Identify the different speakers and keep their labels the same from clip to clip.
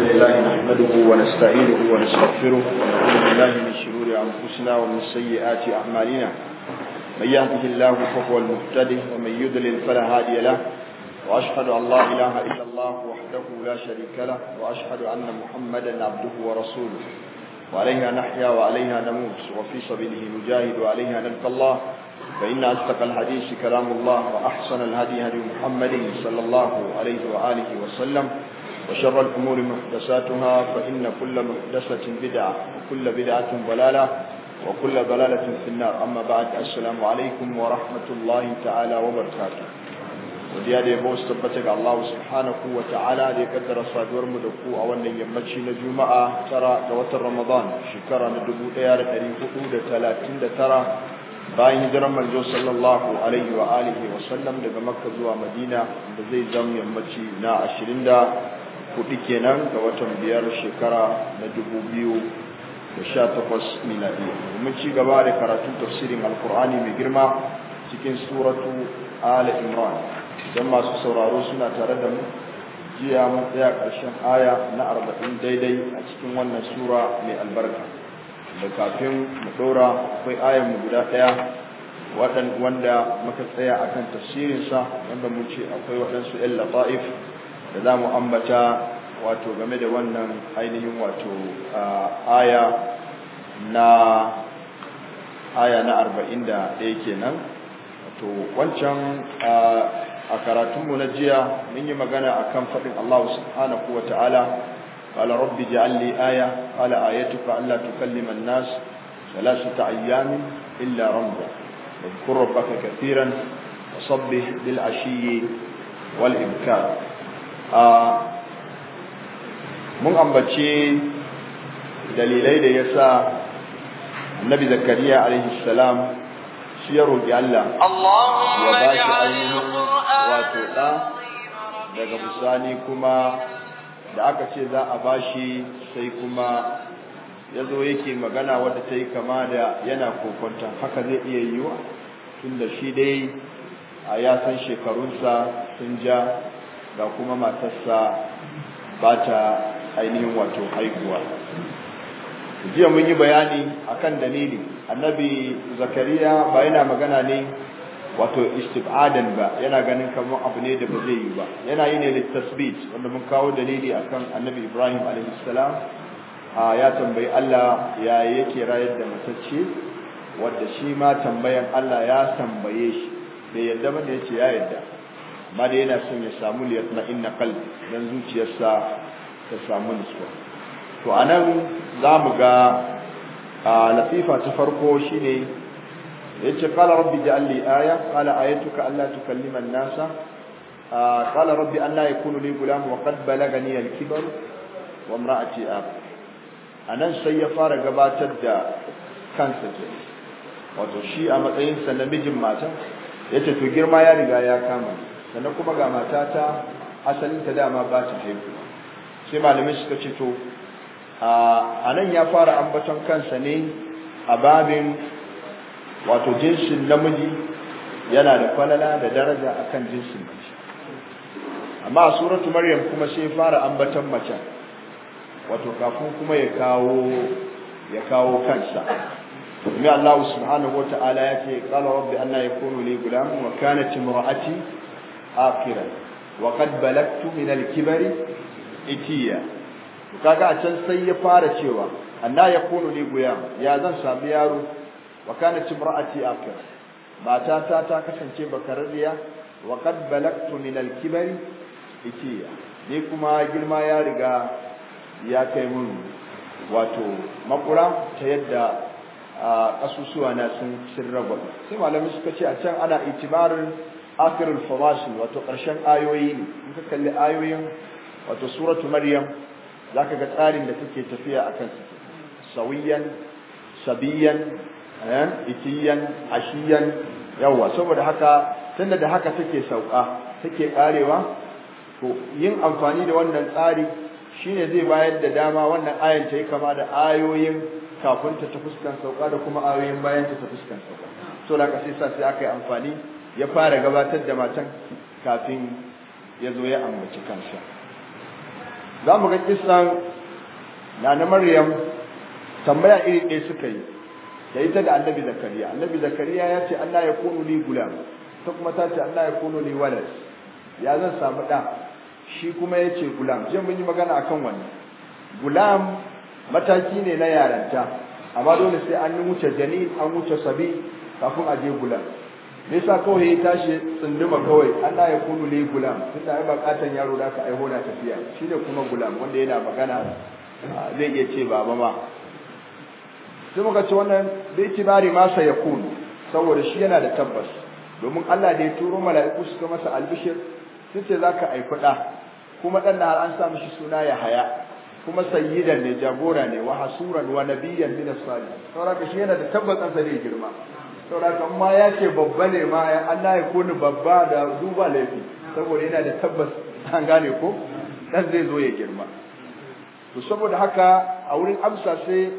Speaker 1: الحمد لله نحمده ونستعينه ونستغفره ونعوذ بالله من شرور أنفسنا ومن سيئات أعمالنا من يهده الله فهو المهتدي ومن يضلل فلا هادي له وأشهد أن لا إله إلا الله وحده لا شريك له وأشهد أن محمدا عبده ورسوله وعليها نحيا وعليها نموت وفي سبيله نجاهد وعليها نلقى الله فإن أصدق الحديث كلام الله وأحسن الهدي هدي محمد صلى الله عليه وآله وسلم وشر الأمور محدثاتها فإن كل محدثة بدعة وكل بدعة ضلالة وكل ضلالة في النار أما بعد السلام عليكم ورحمة الله تعالى وبركاته ودي هذه بوس تبتك الله سبحانه وتعالى لقدر صادور مدقو أولا يمتشي نجمع ترى دوات رمضان شكرا ندبو إيارة أريكو ثلاثين ترى bayan hijiran manzo sallallahu alaihi wa alihi wa sallam daga makka zuwa madina da zai zama yammaci na hudu kenan ga watan biyar shekara na dubu biyu da sha takwas biyu. mun ci gaba da karatun tafsirin alkur'ani mai girma cikin suratu ala imran idan masu sauraro suna tare da mu jiya mun tsaya ƙarshen aya na arba'in daidai a cikin wannan sura mai albarka da kafin mu ɗaura akwai ayan mu guda ɗaya waɗanda wanda muka tsaya akan tafsirinsa wanda mun ce akwai waɗansu 'yan lafa'if da za mu ambata wato game da wannan ainihin wato aya na aya na arba'in da ɗaya kenan wato wancan a karatunmu na jiya mun yi magana a kan faɗin Allah subhanahu wa ta'ala قال رب اجعل لي آية قال آيتك ألا تكلم الناس ثلاثة أيام إلا رمضا واذكر ربك كثيرا وصبه بالعشي والإبكار mun ambace dalilai da ya sa annabi zakariya alaihi shi ya roƙi Allah ya ba shi ainihin wato ɗa daga musani kuma da aka ce za a ba shi sai kuma ya zo yake magana wadda ta yi kama da yana kokonta haka zai iya yiwa tun da shi dai a ya san shekarunsa sun ja ga kuma matarsa ba ta ainihin wato haihuwa jiya mun yi bayani akan dalili annabi zakariya ba yana magana ne wato istibadan ba yana ganin kamar abu ne da ba zai yi ba yana yi ne littasbit wanda mun kawo dalili akan annabi ibrahim alaihissalam ya tambayi allah ya yake rayar da matacce wadda shi ma tambayan allah ya tambaye shi bai yadda ba da ya ce ya yadda amma da yana son ya samu na inna qalbi dan zuciyarsa ta samu nutsuwa to anan zamu ga latifa ta farko shine yace qala rabbi ja'al li aya qala ayatuka alla tukallima an-nasa qala rabbi alla yakunu li gulam wa qad balagani al-kibar wa imra'ati ab anan sai ya fara gabatar da kansa ke wato shi a matsayinsa namijin mata yace to girma ya riga ya kama sannan kuma ga matata asalin ta dama ba ta haihu sai malamin suka ce to a nan ya fara ambaton kansa ne a babin wato jinsin namiji yana da falala da daraja akan jinsin mace amma a suratu maryam kuma sai fara ambaton mace wato kafin kuma ya kawo ya kawo kansa domin Allah subhanahu wa ta'ala ya ce qala rabbi anna yakunu li gulam wa kanat imra'ati akhiran wa qad balagtu min al-kibari itiya kaga a can sai ya fara cewa anna yakunu li guya ya zan sami yaro wa kana timra'ati akhiran mata ta ta kasance bakarriya wa qad balagtu min al-kibari itiya ni kuma girma ya riga ya kai mun wato makura ta yadda kasusuwa na sun sirraba sai malamai suka ce a can ana itibarin akhirul fawasil wato karshen ayoyi ne in ka kalli ayoyin wato suratu maryam zaka ga tsarin da take tafiya akan su sawiyan sabiyan eh itiyan ashiyan yawa saboda haka tunda da haka take sauka take karewa to yin amfani da wannan tsari shine zai bayar da dama wannan ayan ta yi kama da ayoyin kafin ta ta fuskan sauka da kuma ayoyin bayan ta ta fuskan sauka so da ka sai sa sai aka yi amfani ya fara gabatar da matan kafin ya zo ya ambaci kansa za mu ga kisan na na maryam tambaya iri ɗaya suka yi da ita da annabi zakariya annabi zakariya ya ce allah ya kunu li gulam ta kuma ta ce allah ya kunu li walad ya zan samu ɗa shi kuma ya ce gulam jiya mun yi magana akan wani gulam mataki ne na yaranta amma dole sai an wuce janin an wuce sabi kafin a je gulam me yasa kawai ya tashi tsunduma kawai Allah ya kunu ne gulam tunda ai bakatan yaro da aka aiho na tafiya shine kuma gulam wanda yana magana ah, zai iya ce baba ma sai muka ce wannan da kibari ma sa kunu saboda shi yana da tabbas domin Allah da ya turo mala'iku suka masa albishir sun ce zaka aiku da kuma dan har an sa mishi suna ya haya kuma sayyidan ne jagora ne wa hasuran wa nabiyyan min as salih saboda shi yana da tabbas an sa zai girma saboda ma ya ce babba ne ma Allah ya koni babba da duba laifi saboda yana da tabbas an gane ko dan zai zo ya girma to saboda haka a wurin amsa sai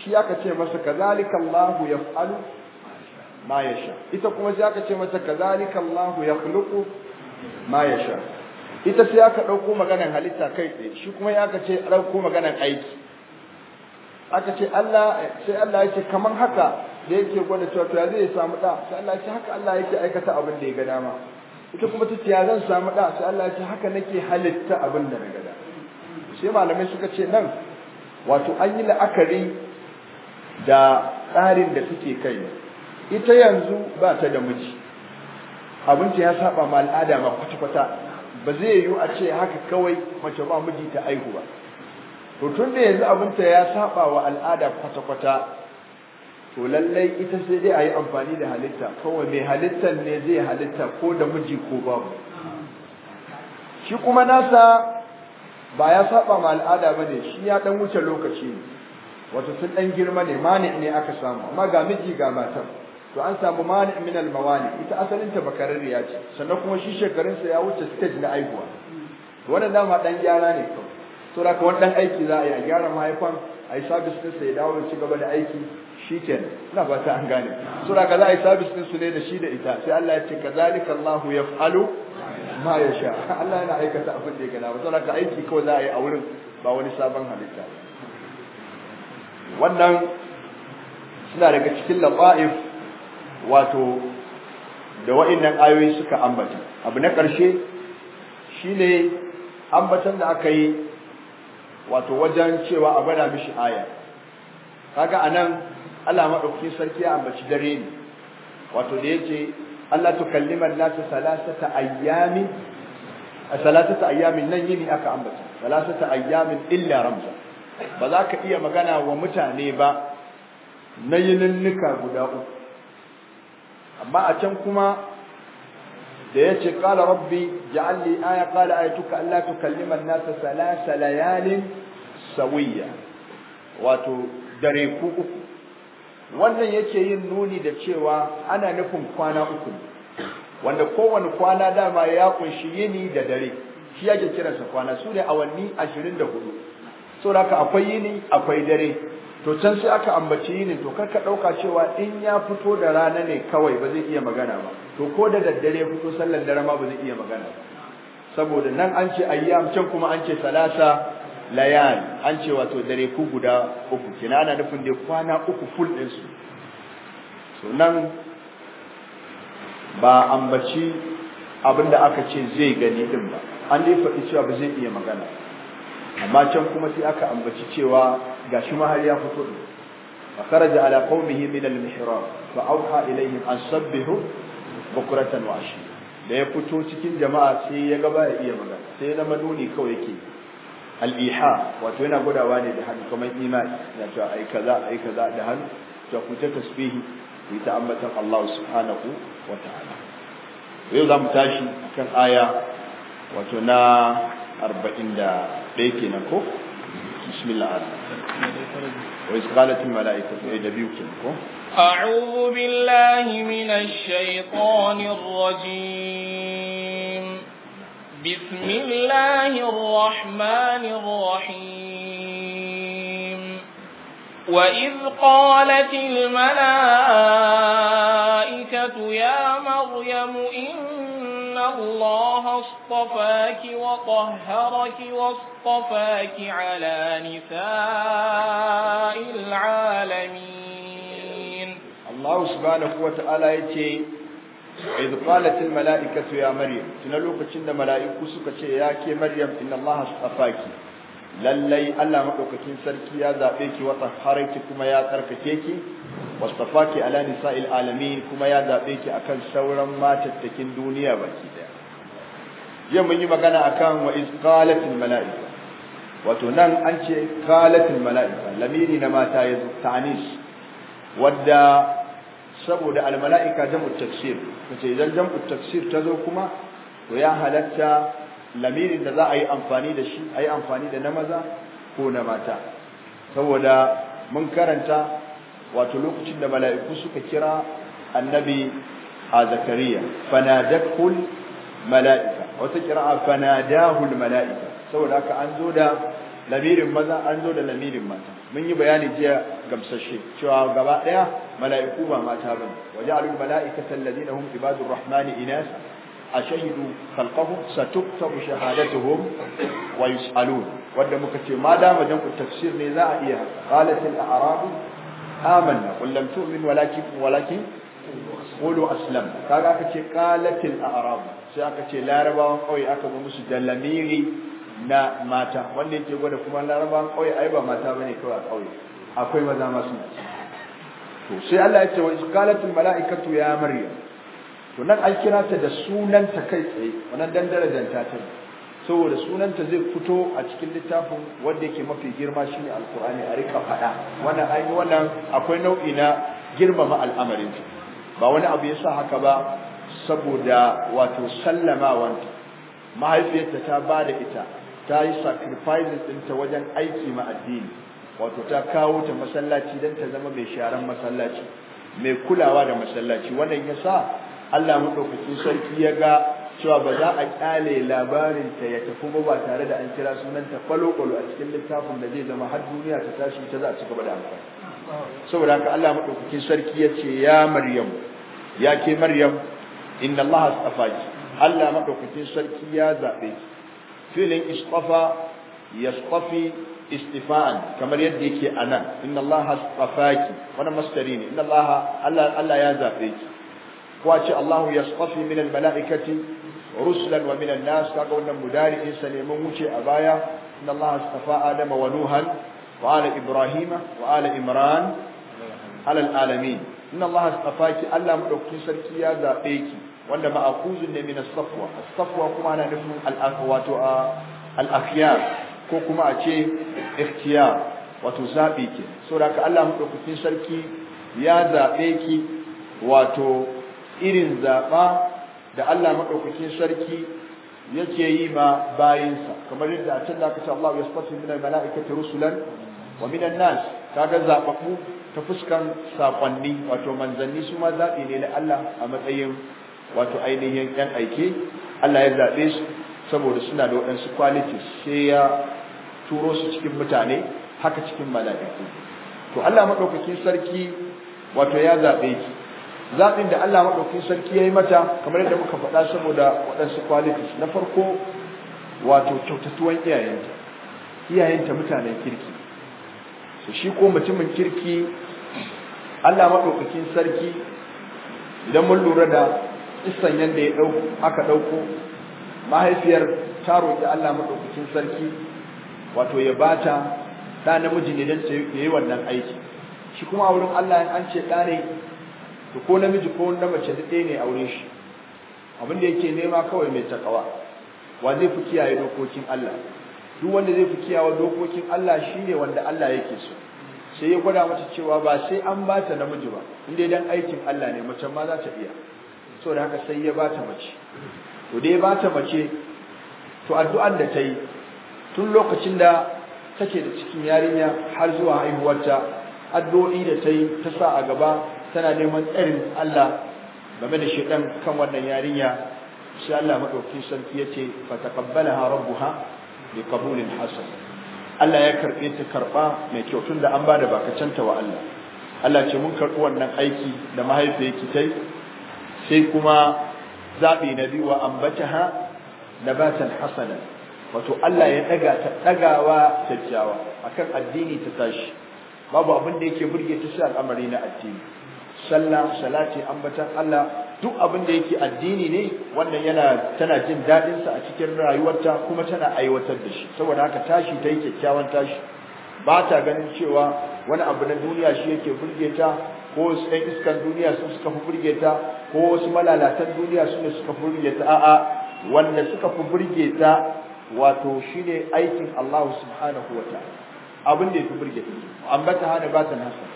Speaker 1: shi aka ce masa kazalika ya yaf'alu ma yasha ita kuma sai aka ce mata kazalika ya yakhluqu ma yasha ita sai aka dauko maganar halitta kai tsaye shi kuma ya aka ce dauko maganar aiki aka ce Allah sai Allah ya ce kaman haka da yake gwada cewa to ya zai samu da sai Allah ya ce haka Allah yake aikata abin da ya ga dama ita kuma ta ce ya zan samu da sai Allah ya ce haka nake halitta abin da na ga dama sai malamai suka ce nan wato an yi la'akari da tsarin da suke kai ita yanzu ba ta da miji abinci ya saba ma al'ada ba kwata-kwata ba zai yiwu a ce haka kawai mace ba miji ta aihu ba to tun da yanzu ta ya saba wa al'ada kwata-kwata to lallai ita sai dai a yi amfani da halitta kawai mai halittar ne zai halitta ko da miji ko babu shi kuma nasa ba ya saba ma al'ada ba ne shi ya dan wuce lokaci ne wato sun dan girma ne mani ne aka samu amma ga miji ga to an samu mani min al mawani ita asalin ta bakarriya ce sannan kuma shi shekarun sa ya wuce stage na aihuwa wannan dama dan gyara ne to saboda ka wani dan aiki za a yi a gyara mahaifan a yi sabis ɗinsa ya dawo ci gaba da aiki shikenan ina ta an gane da kaza ai sabis din su ne da shi da ita sai Allah ya ce kazalika Allahu yaf'alu ma ya sha Allah yana aikata abin da ya gada sura ka aiki kawai za a yi a wurin ba wani sabon halitta wannan suna daga cikin lafa'if wato da wa'annan ayoyi suka ambata abu na karshe shine ambatan da aka yi wato wajen cewa a gwada mishi aya kaga anan Allah madaukakin sarki ya ambaci dare ne wato da yace Allah tukallima an-nas salasata ayyamin salasata ayyamin nan yini aka ambata salasata ayyamin illa ramza ba za ka iya magana wa mutane ba na yininnika guda uku amma a can kuma da ya ce ƙala rabbi ja'al ƙala, aya qala ayatuka alla tukallima an-nas salasa layalin sawiyya wato dare ku uku wannan yake yin nuni da cewa ana nufin kwana uku wanda kowane kwana dama ya kunshi yini da dare shi yake kiransa kwana su ne awanni ashirin da hudu saboda haka akwai yini akwai dare to can sai aka ambaci yini to kar ka ɗauka cewa in ya fito da rana ne kawai ba zai iya magana ba to ko da daddare ya fito sallar dare ma ba zai iya magana ba saboda nan an ce ayyam can kuma an ce salasa layan an ce wato dare ku guda uku kina ana nufin da kwana uku full din su to nan ba ambaci abinda aka ce zai gani din ba an dai faɗi cewa ba zai iya magana amma can kuma sai aka ambaci cewa gashi ma har ya fito din fa kharaja ala qaumihi min al-mihrab fa awha ilayhim an sabbihu bukratan wa ashiya da ya fito cikin jama'a sai ya ga ba iya magana sai na manuni kawai yake al-iha wato yana gudawa ne da hannu kamar imani na cewa ai kaza ai kaza da hannu to ku ta tasbihi ku ta ambatan Allah subhanahu wa ta'ala yau zamu tashi kan aya wato na 41 kenan ko bismillah وإذ قالت الملائكة نبيكم
Speaker 2: أعوذ بالله من الشيطان الرجيم بسم الله الرحمن الرحيم وإذ قالت الملائكة يا مريم إن الله اصطفاك وطهرك واصطفاك على نساء العالمين
Speaker 1: الله سبحانه وتعالى يتي idh qalat al mala'ikatu ya maryam tuna lokacin da mala'iku suka ce ya ke maryam inna allaha astafaki lallai Allah madaukakin sarki ya zabe ki wa tahharaki kuma ya tsarkake ki wastafaki ala nisa'il alamin kuma ya zabe ki akan sauran matattakin duniya baki daya yau mun yi magana akan wa iz qalat al mala'ika wato nan an ce qalatul mala'ika lamiri na mata yazo ta'anis wadda saboda almala'ika jam'u tafsir kace idan jam'u tafsir ta zo kuma to ya halatta lamirin da za a yi amfani da shi a yi amfani da na maza ko na mata saboda mun karanta wato lokacin da mala'iku suka kira annabi a zakariya fanadakul mala'ika wata kira'a fanadahul mala'ika saboda haka an zo da lamirin maza an zo da lamirin mata mun yi bayani jiya gamsashe cewa gaba daya mala'iku ba mata bane waja'alul mala'ikata alladhina hum ibadur rahmani inas ashahidu khalqahum satuktabu shahadatuhum wa yus'alun wanda muka ce ma da majan ku tafsir ne za a iya qalatil a'rabu amanna qul lam tu'min walakin walakin qulu aslam kaga aka ce qalatil a'rabu sai aka ce larabawan kawai aka ga musu da lamiri na mata wanda yake gwada kuma larabawan ƙauye ai ba mata bane kawai a ƙauye akwai maza masu to sai Allah ya ce wa kalatin malaikatu ya maryam to nan an kira ta da sunanta kai tsaye wannan dan darajanta ta saboda sunanta zai fito a cikin littafin wanda yake mafi girma shine alqur'ani a rika faɗa wannan ai wannan akwai nau'i na girmama al'amarin ba wani abu yasa haka ba saboda wato sallamawanta mahaifiyarta ta ba da ita ta yi sacrifices ɗinta wajen aiki ma addini wato ta kawo ta masallaci don ta zama mai sharan masallaci mai kulawa da masallaci wannan ya sa Allah maɗaukakin sarki ya ga cewa ba za a ƙyale labarinta ya tafi ba ba tare da an kira sunanta falo-falo a cikin littafin da zai zama har duniya ta tashi ta za a ci gaba da amfani saboda haka Allah maɗaukakin sarki ya ce ya Maryam ya ke Maryam inna Allah astafaki Allah maɗaukakin sarki ya zaɓe ki filin istafa yastafi istifa'an kamar yadda yake a nan inna Allah astafaki wani mastari ne inna Allah Allah ya zaɓe ki ko a ce Allah ya yastafi minan mala'ikati, rusulan wa min annas kaga wannan mudari'in sa ne mun wuce a baya inna Allah astafa Adama wa Nuhan wa ala Ibrahima wa ala Imran ala alamin inna Allah astafaki Allah madaukakin sarki ya zaɓe ki wanda ma'akuzun ne min as-safwa as-safwa kuma ana nufin al-wato al-akhyar ko kuma a ce ikhtiyar wato zabi ke saboda haka Allah madaukakin sarki ya zabe ki wato irin zaba da Allah madaukakin sarki yake yi ma bayinsa kamar yadda a can da aka ce Allah ya sifatu min al-mala'ikati rusulan wa min an-nas kaga zababbu ta fuskan sakonni wato manzanni su ma zabi ne na Allah a matsayin wato ainihin yan aike Allah ya zaɓe su saboda suna da waɗansu qualities sai ya turo su cikin mutane haka cikin mala'iku to Allah madaukakin sarki wato ya zaɓe ki zaɓin da Allah madaukakin sarki ya yi mata kamar yadda muka faɗa saboda waɗansu qualities na farko wato kyautatuwan iyayenta iyayenta mutanen kirki su shi ko mutumin kirki Allah maɗaukakin sarki idan mun lura da kissan yanda ya ɗauko aka ɗauko mahaifiyar ta roƙi Allah maɗaukakin sarki wato ya bata ɗa namiji ne don ya yi wannan aiki shi kuma a wurin Allah in an ce ɗa ne to ko namiji ko na mace da ɗaya ne aure shi abin da yake nema kawai mai takawa wa zai fi kiyaye dokokin Allah duk wanda zai fi kiyaye dokokin Allah shine wanda Allah yake so sai ya gwada mata cewa ba sai an bata namiji ba inda dan aikin Allah ne mace ma za ta iya so da haka sai ya bata mace to dai bata mace to addu'ar da ta yi tun lokacin da take da cikin yarinya har zuwa haihuwarta addu'o'i da ta yi ta sa a gaba tana neman tsarin Allah game da shedan kan wannan yarinya sai Allah madaukakin sarki yace fa taqabbalaha rabbuha bi qabulin hasan Allah ya karbe ta karba mai kyau da an bada bakacanta wa Allah Allah ce mun karbi wannan aiki da mahaifiyarki tai sai kuma zaɓi na biyu wa ambataha nabatan hasana wato Allah ya daga ta dagawa kyakkyawa akan addini ta tashi babu abin da yake burge ta shi al'amari na addini sallah salati ambatan Allah duk abin da yake addini ne wannan yana tana jin dadin sa a cikin rayuwarta kuma tana aiwatar da shi saboda haka tashi ta yi kyakkyawan tashi ba ta ganin cewa wani abu na duniya shi yake burge ta ko wasu ɗan iskan duniya su suka fi burge ta ko wasu malalatan duniya su ne suka fi burge ta a'a wanda suka fi burge ta wato shine aikin Allah subhanahu wa ta'ala abin da ya fi burge ta ambata hana ba ta nasa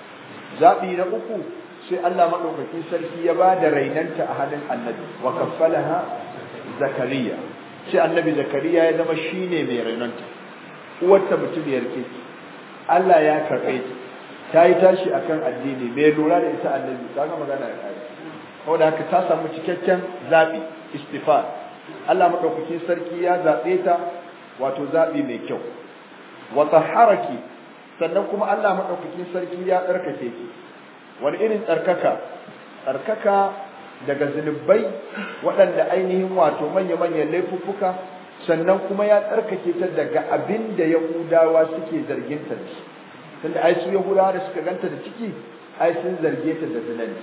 Speaker 1: zaɓi na uku sai Allah maɗaukakin sarki ya ba da rainanta a hannun annabi wa kaffalaha zakariya sai annabi zakariya ya zama shine mai rainanta uwarta mutum ya rike Allah ya karɓe ta ta yi tashi a kan addini mai lura da ita annabi ta ga magana ya kai saboda haka ta samu cikakken zaɓi, istifa Allah madaukaki sarki ya zaɓe ta wato zaɓi mai kyau wata haraki sannan kuma Allah madaukaki sarki ya tsarkake ki wani irin tsarkaka tsarkaka daga zunubai waɗanda ainihin wato manya-manyan laifuffuka sannan kuma ya tsarkake ta daga abin da yahudawa suke zargin ta da shi tunda ai su yahudawa da suka ganta da ciki ai sun zarge ta da zina ne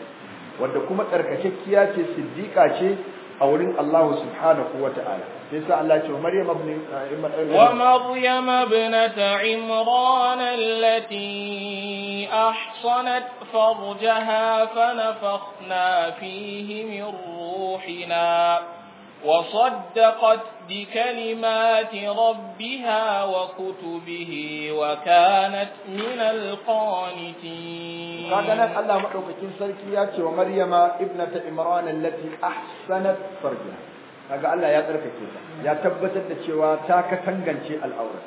Speaker 1: wanda kuma tsarkakekkiya ce siddiqa ce a wurin Allah subhanahu wa ta'ala sai sa Allah ce Maryam ibn eh, eh, wa
Speaker 2: Maryam ibnat Imran allati ahsanat farjaha fa fihi min ruhina وصدقت بكلمات ربها وكتبه وكانت من القانتين قالنا الله محروفتين
Speaker 1: سلكيات ومريم ابنة إمران التي أحسنت فرجها kaga Allah ya tsarkake ta ya tabbatar da cewa ta ka tangance al'aurat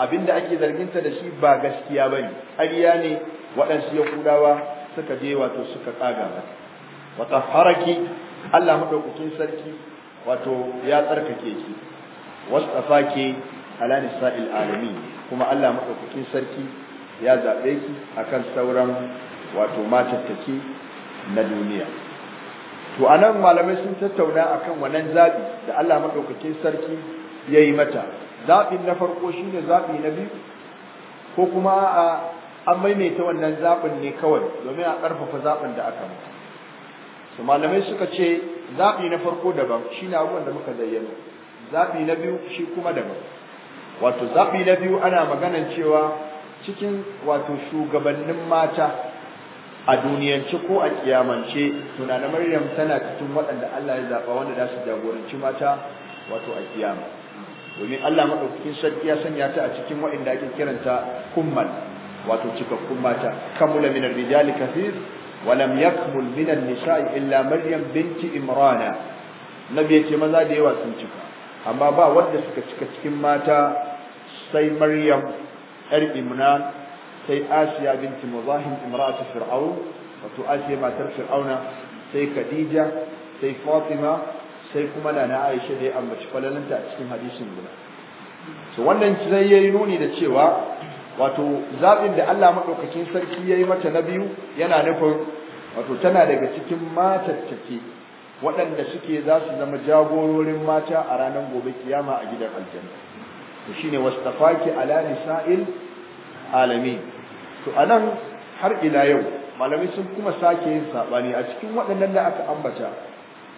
Speaker 1: abinda ake zarginta da shi ba gaskiya bane ƙarya ne waɗansu yahudawa suka je wato suka kaga mata wa taharaki Allah madaukakin sarki wato ya tsarkake ki wasafa ke ala nisa'il alamin kuma Allah madaukakin sarki ya zabe ki akan sauran wato matattaki na duniya to anan malamai sun tattauna akan wannan zabi da Allah madaukakin sarki yayi mata zabin na farko shine zabi na biyu ko kuma a an maimaita wannan zabin ne kawai domin a karfafa zabin da aka mata to malamai suka ce zaɓi na farko daban shi na abubuwan da muka zayyana zaɓi na biyu shi kuma daban wato zaɓi na biyu ana maganan cewa cikin wato shugabannin mata a duniyance ko a kiyamance tunanin Maryam tana cikin waɗanda Allah ya zaɓa wanda za su jagoranci mata wato a kiyama domin Allah maɗaukakin sarki ya sanya ta a cikin waɗanda ake kiranta kummal wato cikakkun mata kamula minar rijali kafir ولم يكمل من النساء إلا مريم بنت إمران نبي يتي ماذا ديوا سنتفا أما با ودى سكتك ماتا سي مريم أر إمنان سي آسيا بنت مظاهم امرأة فرعون وتو آسيا ما تر فرعون سي خديجة سي فاطمة سي كما أنا عائشة دي أمبتش فلن تأتي حديث منها so wannan zai yi nuni da cewa wato zaɓin da Allah maɗaukakin sarki ya yi mata na biyu yana nufin wato tana daga cikin matattake waɗanda suke za su zama jagororin mata a ranar gobe kiyama a gidan aljanna to shine wastafaki ala nisa'il alami to anan har ila yau malamai sun kuma sake yin sabani a cikin waɗannan da aka ambata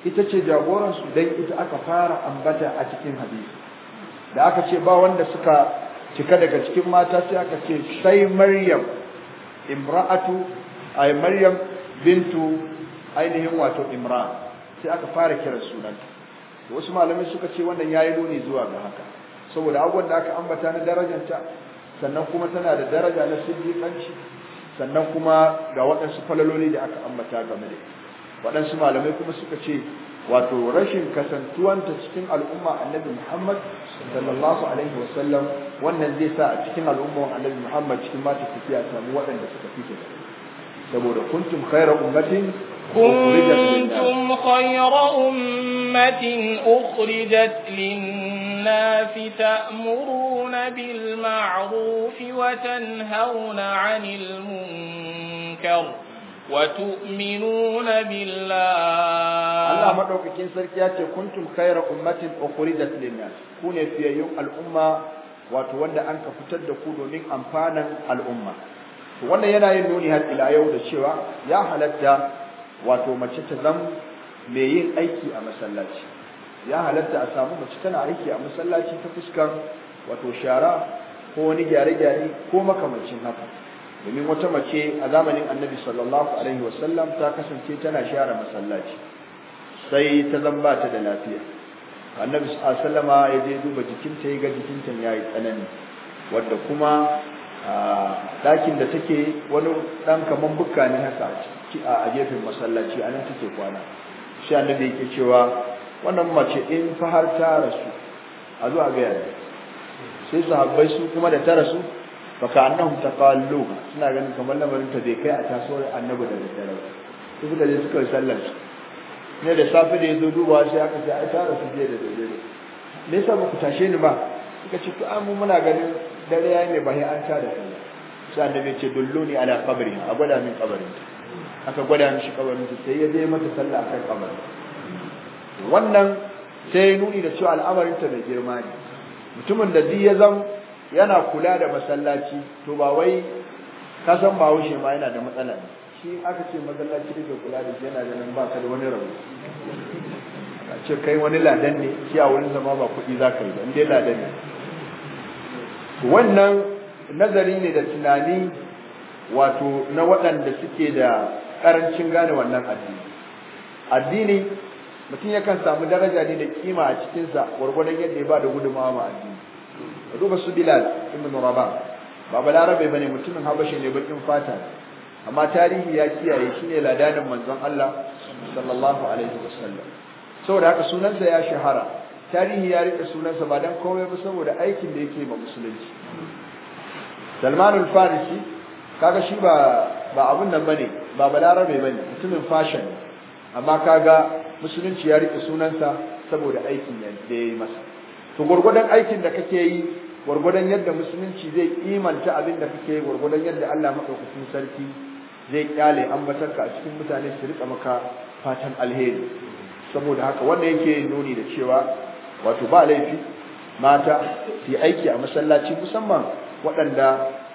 Speaker 1: ita ce jagoran su dai ita aka fara ambata a cikin hadisi da aka ce ba wanda suka cika daga cikin mata sai aka ce sai maryam imra'atu ay maryam bintu ainihin wato imran sai aka fara kiran sunanta wasu malamai suka ce wannan yayi nuni zuwa ga haka saboda abubuwan da aka ambata na darajanta sannan kuma tana da daraja na siddiƙanci sannan kuma ga waɗansu falaloli da aka ambata game da waɗansu malamai kuma suka ce wato rashin kasantuwanta cikin al'umma annabi Muhammad sallallahu alaihi wasallam wannan zai sa a cikin al'umma annabi Muhammad cikin mata tafiya mu wadanda suka fice saboda kuntum khayra ummatin kuntum khayra كنتم
Speaker 2: خير أمة ta'muruna bil ma'ruf wa وتنهون 'anil munkar وتؤمنون بالله الله
Speaker 1: مدوكين sarki yace kuntum khayra ummatin ukhrijat linnas kune fiyayyun al'umma wato wanda an ka fitar da ku domin amfanan al'umma to wannan yana yin nuni har ila yau da cewa ya halatta wato mace ta zam mai yin aiki a masallaci ya halatta a samu mace tana aiki a masallaci ta fuskan wato shara ko wani gyare-gyare ko makamancin haka domin wata mace a zamanin annabi sallallahu alaihi wasallam ta kasance tana share masallaci sai ta zamba ta da lafiya annabi sallama ya je duba jikinta ya ga jikinta ya yi tsanani wadda kuma ɗakin da take wani ɗan kaman bukka ne haka a gefen masallaci a nan take kwana shi annabi yake cewa wannan mace in fa har ta rasu a zo ga yadda sai sahabbai su kuma da ta rasu baka ta taqallu suna ganin kamar lamarin ta zai kai a taso annabu da daddare su suka zai suka sallar su ne da safe da ya zo duba shi aka ce ai tara su je da daddare me yasa ku tashe ni ba suka ce to an muna ganin dare ya ne ba sai an tada sallah sai annabi ce ne ala qabri a gwada min qabarin aka gwada min mishi qabarin sai ya je mata sallah akan qabarin wannan sai nuni da cewa al'amarin ta mai girma ne mutumin da duk ya zama yana kula da masallaci to ba wai ka san ba wushe ma yana da matsala shi aka ce masallaci da kula da shi yana da nan ka da wani rabu? a ce kai wani ladan ne shi a wurin zama ba kuɗi za ka yi ba inda ladan ne wannan nazari ne da tunani wato na waɗanda suke da ƙarancin gane wannan addini addini mutum yakan samu daraja ne da kima a cikinsa gwargwadon yadda ya ba da gudunmawa ma addini ka duba su Bilal ibn Rabah ba balarabe bane mutumin habashi ne bakin fata amma tarihi ya kiyaye shi ne ladanin manzon Allah sallallahu alaihi wasallam saboda haka sunansa ya shahara tarihi ya rike sunansa ba dan komai ba saboda aikin da yake ma musulunci Salman al-Farisi kaga shi ba ba abun nan bane ba balarabe bane mutumin fashion amma kaga musulunci ya rike sunansa saboda aikin da yayi masa to gurgudan aikin da kake yi gurgudan yadda musulunci zai imanta abin da kake yi gurgudan yadda Allah madaukakin sarki zai kyale ambatarka a cikin mutane su rika maka fatan alheri saboda haka wanda yake nuni da cewa wato ba laifi mata su aiki a masallaci musamman waɗanda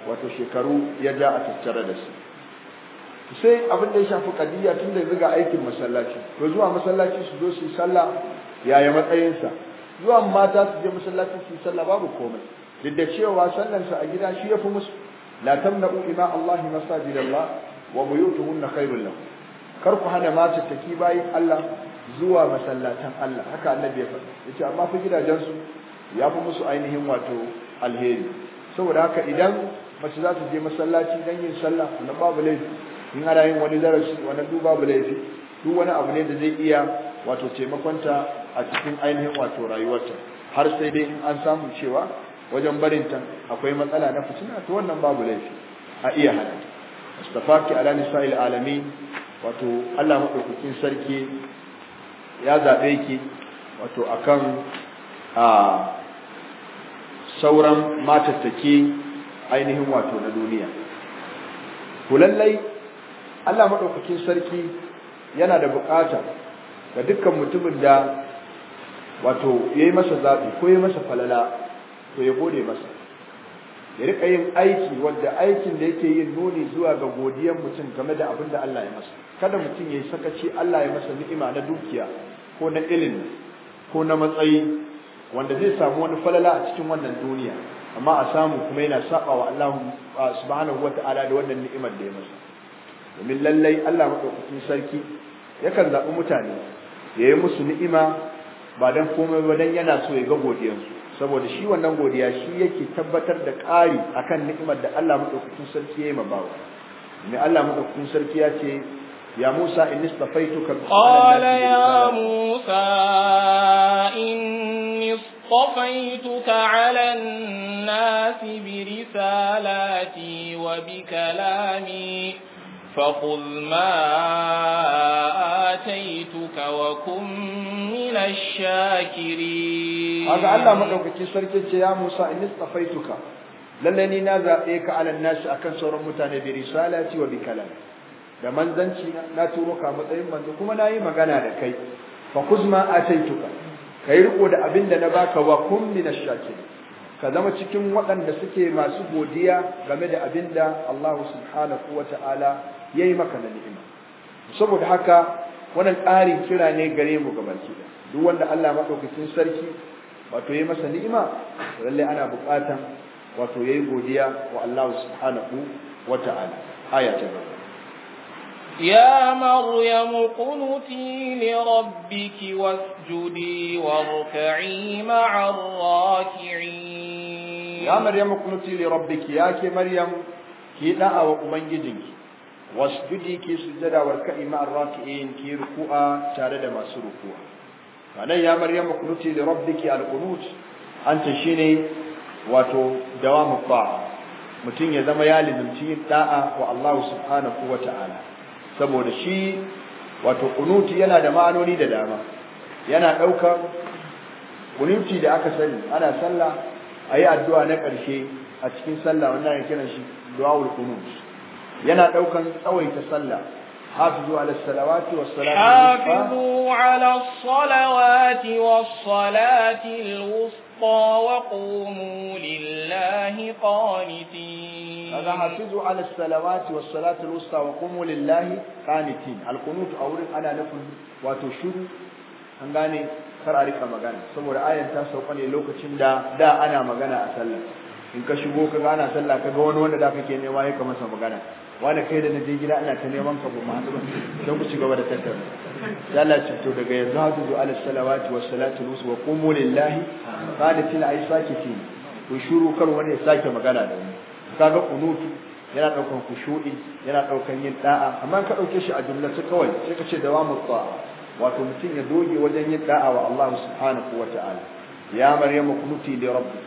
Speaker 1: wato shekaru ya ja a tattare da su sai abin da ya shafi kadiyya tun da zuga aikin masallaci to zuwa masallaci su zo su yi sallah yaya matsayinsa zuwan mata su je masallaci su sallah babu komai duk da cewa sallan su a gida shi yafi musu la tamna'u ima Allah masajid Allah wa buyutuhunna khairul lahum kar ku hana mata taki bayin Allah zuwa masallatan Allah haka annabi ya faɗa yace amma fa gidajen su yafi musu ainihin wato alheri saboda haka idan mace za ta je masallaci dan yin sallah na babu laifi in ana wani darasi wani duba babu laifi duk wani abu ne da zai iya wato taimakonta a cikin ainihin wato rayuwarta har sai dai in an samu cewa wajen barinta akwai matsala na fitina to wannan babu laifi a iya hana mustafaki ala nisa'il alamin wato Allah madaukakin sarki ya zabe ki wato akan a sauran matattake ainihin wato na duniya to Allah madaukakin sarki yana da bukata ga dukkan mutumin da wato yayi masa zabi ko yayi masa falala to ya gode masa ya rika yin aiki wanda aikin da yake yin nuni zuwa ga godiyar mutum game da abin da Allah ya masa kada mutum ya yi sakaci Allah ya masa ni'ima na dukiya ko na ilimi ko na matsayi wanda zai samu wani falala a cikin wannan duniya amma a samu kuma yana sabawa wa Allah subhanahu wataala da wannan ni'imar da ya masa domin lallai Allah maɗaukakin sarki yakan zaɓi mutane ya yi musu ni'ima ba don komai ba don yana so ya ga godiyansu saboda shi wannan godiya shi yake tabbatar da ƙari akan ni'imar da Allah maɗaukakin sarki ya yi ma bawa domin Allah maɗaukakin sarki ya ce ya Musa inni stafaituka qala ya
Speaker 2: Musa inni فخذ ما آتيتك وكن من الشاكرين هذا الله
Speaker 1: مدوكي سركي يا موسى إن اصطفيتك lalle ni na zabe ka alan nasu akan sauran mutane bi risalati wa bi kalam da manzanci na turo ka matsayin manzo kuma nayi magana da kai fa kuzma ataituka kai riko da abin da na baka wa kun ka zama cikin waɗanda suke masu godiya game da abin da Allah subhanahu wa ta'ala ya yi maka na ni'ima saboda haka wannan ƙarin kira ne gare mu gaba ki duk wanda Allah maɗaukacin sarki wato ya masa ni'ima lallai ana buƙatan wato ya yi godiya wa Allah subhanahu wa ta'ala aya ta gaba
Speaker 2: يا مريم قنتي لربك واسجدي واركعي مع الراكعين
Speaker 1: ya maryam kunuti li rabbiki ya ke maryam ki da'a wa ubangijinki wasjudi ki sujada wa ka'i ma arraki'in ki ruku'a tare da masu ruku'a kana ya maryam kunuti li rabbiki alqunut anta shine wato dawamu ta'a mutum ya zama ya limci da'a wa Allah subhanahu wa ta'ala saboda shi wato kunuti yana da ma'anoni da dama yana ɗaukar kunuti da aka sani ana sallah a yi addu'a na ƙarshe a cikin sallah wannan ya kiran shi du'a'ul qunut yana ɗaukan tsawaita sallah حافظوا على الصلوات والصلاة حافظوا
Speaker 2: على الصلوات والصلاة الوسطى وقوموا لله قانتين
Speaker 1: هذا حافظوا على الصلوات والصلاة الوسطى وقوموا لله قانتين القنوت أورد على لكم وتشروا أنغاني kar a rika magana saboda ayan ta sauka ne lokacin da da ana magana a sallah in ka shigo ga ana sallah ka ga wani wanda da kake nema ya ka masa magana wani kai da naje gida ana ta neman ka kuma haɗu don ku ci gaba da tattara Allah ce to daga yanzu hadu zu ala salawati wa salatu nusu wa qumu lillahi yi sake sakiti ku shuru kar wani ya sake magana da mu kaga kunutu yana ɗaukan kushu'i yana ɗaukan yin ɗa'a. amma ka ɗauke shi a jumlatu kawai sai ka ce dawamu ta'a wato mutum ya doge wajen yin da'a wa Allah subhanahu wa ta'ala ya maryamu kunuti li rabbi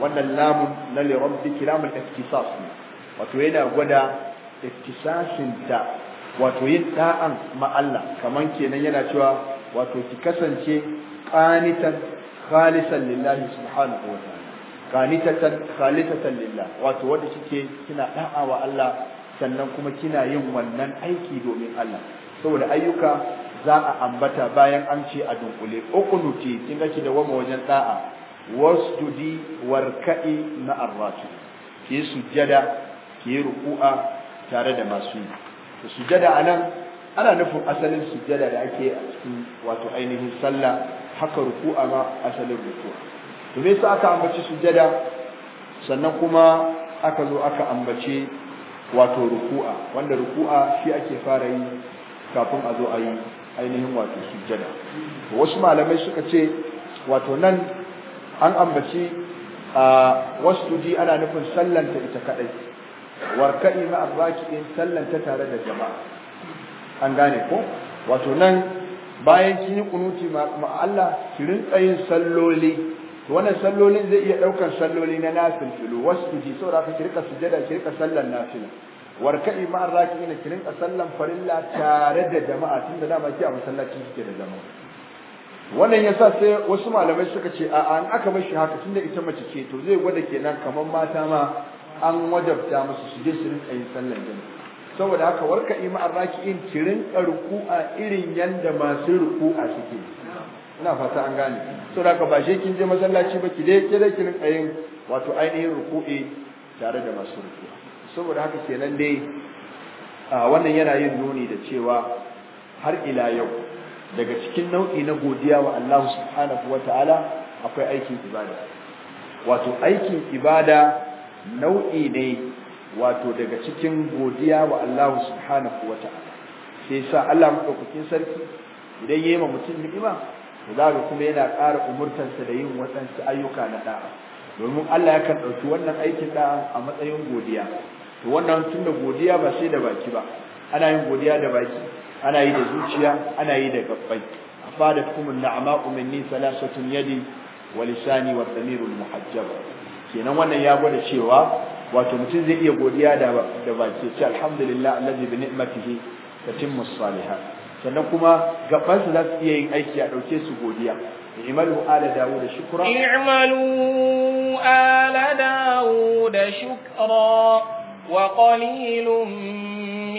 Speaker 1: wannan lamun na li rabbi kilamul iftisas ne wato yana gwada iftisasin da wato yin da'an ma Allah kaman kenan yana cewa wato ki kasance qanitan khalisan lillahi subhanahu wa ta'ala qanitatan khalitatan lillah wato wanda kike kina da'a wa Allah sannan kuma kina yin wannan aiki domin Allah saboda ayyuka za a ambata bayan an ce a dunkule ce, kin ga da wama wajen da'a wasjudi warka'i na arratu ki sujjada ki ruku'a tare da masu yi sujjada anan ana nufin asalin sujada da ake a cikin wato ainihin sallah haka ruku'a ma asalin ruku'a to me yasa aka ambaci sujjada sannan kuma aka zo aka ambace wato ruku'a wanda ruku'a shi ake fara yi kafin a zo a yi ainihin wato sujjada wasu malamai suka ce wato nan an ambaci a ji ana nufin sallanta ita kadai warka'i ma in sallanta tare da jama'a an gane ko wato nan bayan kin yi kunuti ma Allah ki rinka yin salloli to wannan sallolin zai iya daukar salloli na nafil filu ji saboda ka kirka sujjada kirka nafila warka'i ma arraki ina kirin sallan farilla tare da jama'a da dama ke a masallaci ke da jama'a wannan yasa sai wasu malamai suka ce a an aka mishi shi haka tunda ita mace ce to zai gwada kenan kamar mata ma an wajabta musu su je su rinka yin sallan jama'a saboda haka warka'i ma in kirin rinka a irin yanda masu a suke ina fata an gane saboda haka ba shi kin je masallaci ba ki dai da kirin ayin wato ainihin ruku'i tare da masu ruku'a saboda haka kenan dai wannan yana yin nuni da cewa har ila yau daga cikin nau'i na godiya wa Allah subhanahu ta'ala akwai aikin ibada wato aikin ibada nau'i ne wato daga cikin godiya wa Allah subhanahu ta'ala. sai sa Allah madaukakin sarki idan yayi ma mutum ni'ima to zaka kuma yana ƙara umurtansa da yin waɗansu ayyuka na da'a domin Allah ya kan ɗauki wannan aikin ɗa'a a matsayin godiya to wannan tunda godiya ba sai da baki ba ana yin godiya da baki ana yi da zuciya ana yi da gabbai afadatkum an'ama'u minni salasatun yadi wa lisani wa dhamiru muhajjab kenan wannan ya gwada cewa wato mutum zai iya godiya da da baki ce alhamdulillah allazi bi ni'matihi tatimmu salihat sannan kuma gaban su za su iya yin aiki a dauke su godiya i'malu ala dawud shukra
Speaker 2: i'malu ala dawud shukra وقليل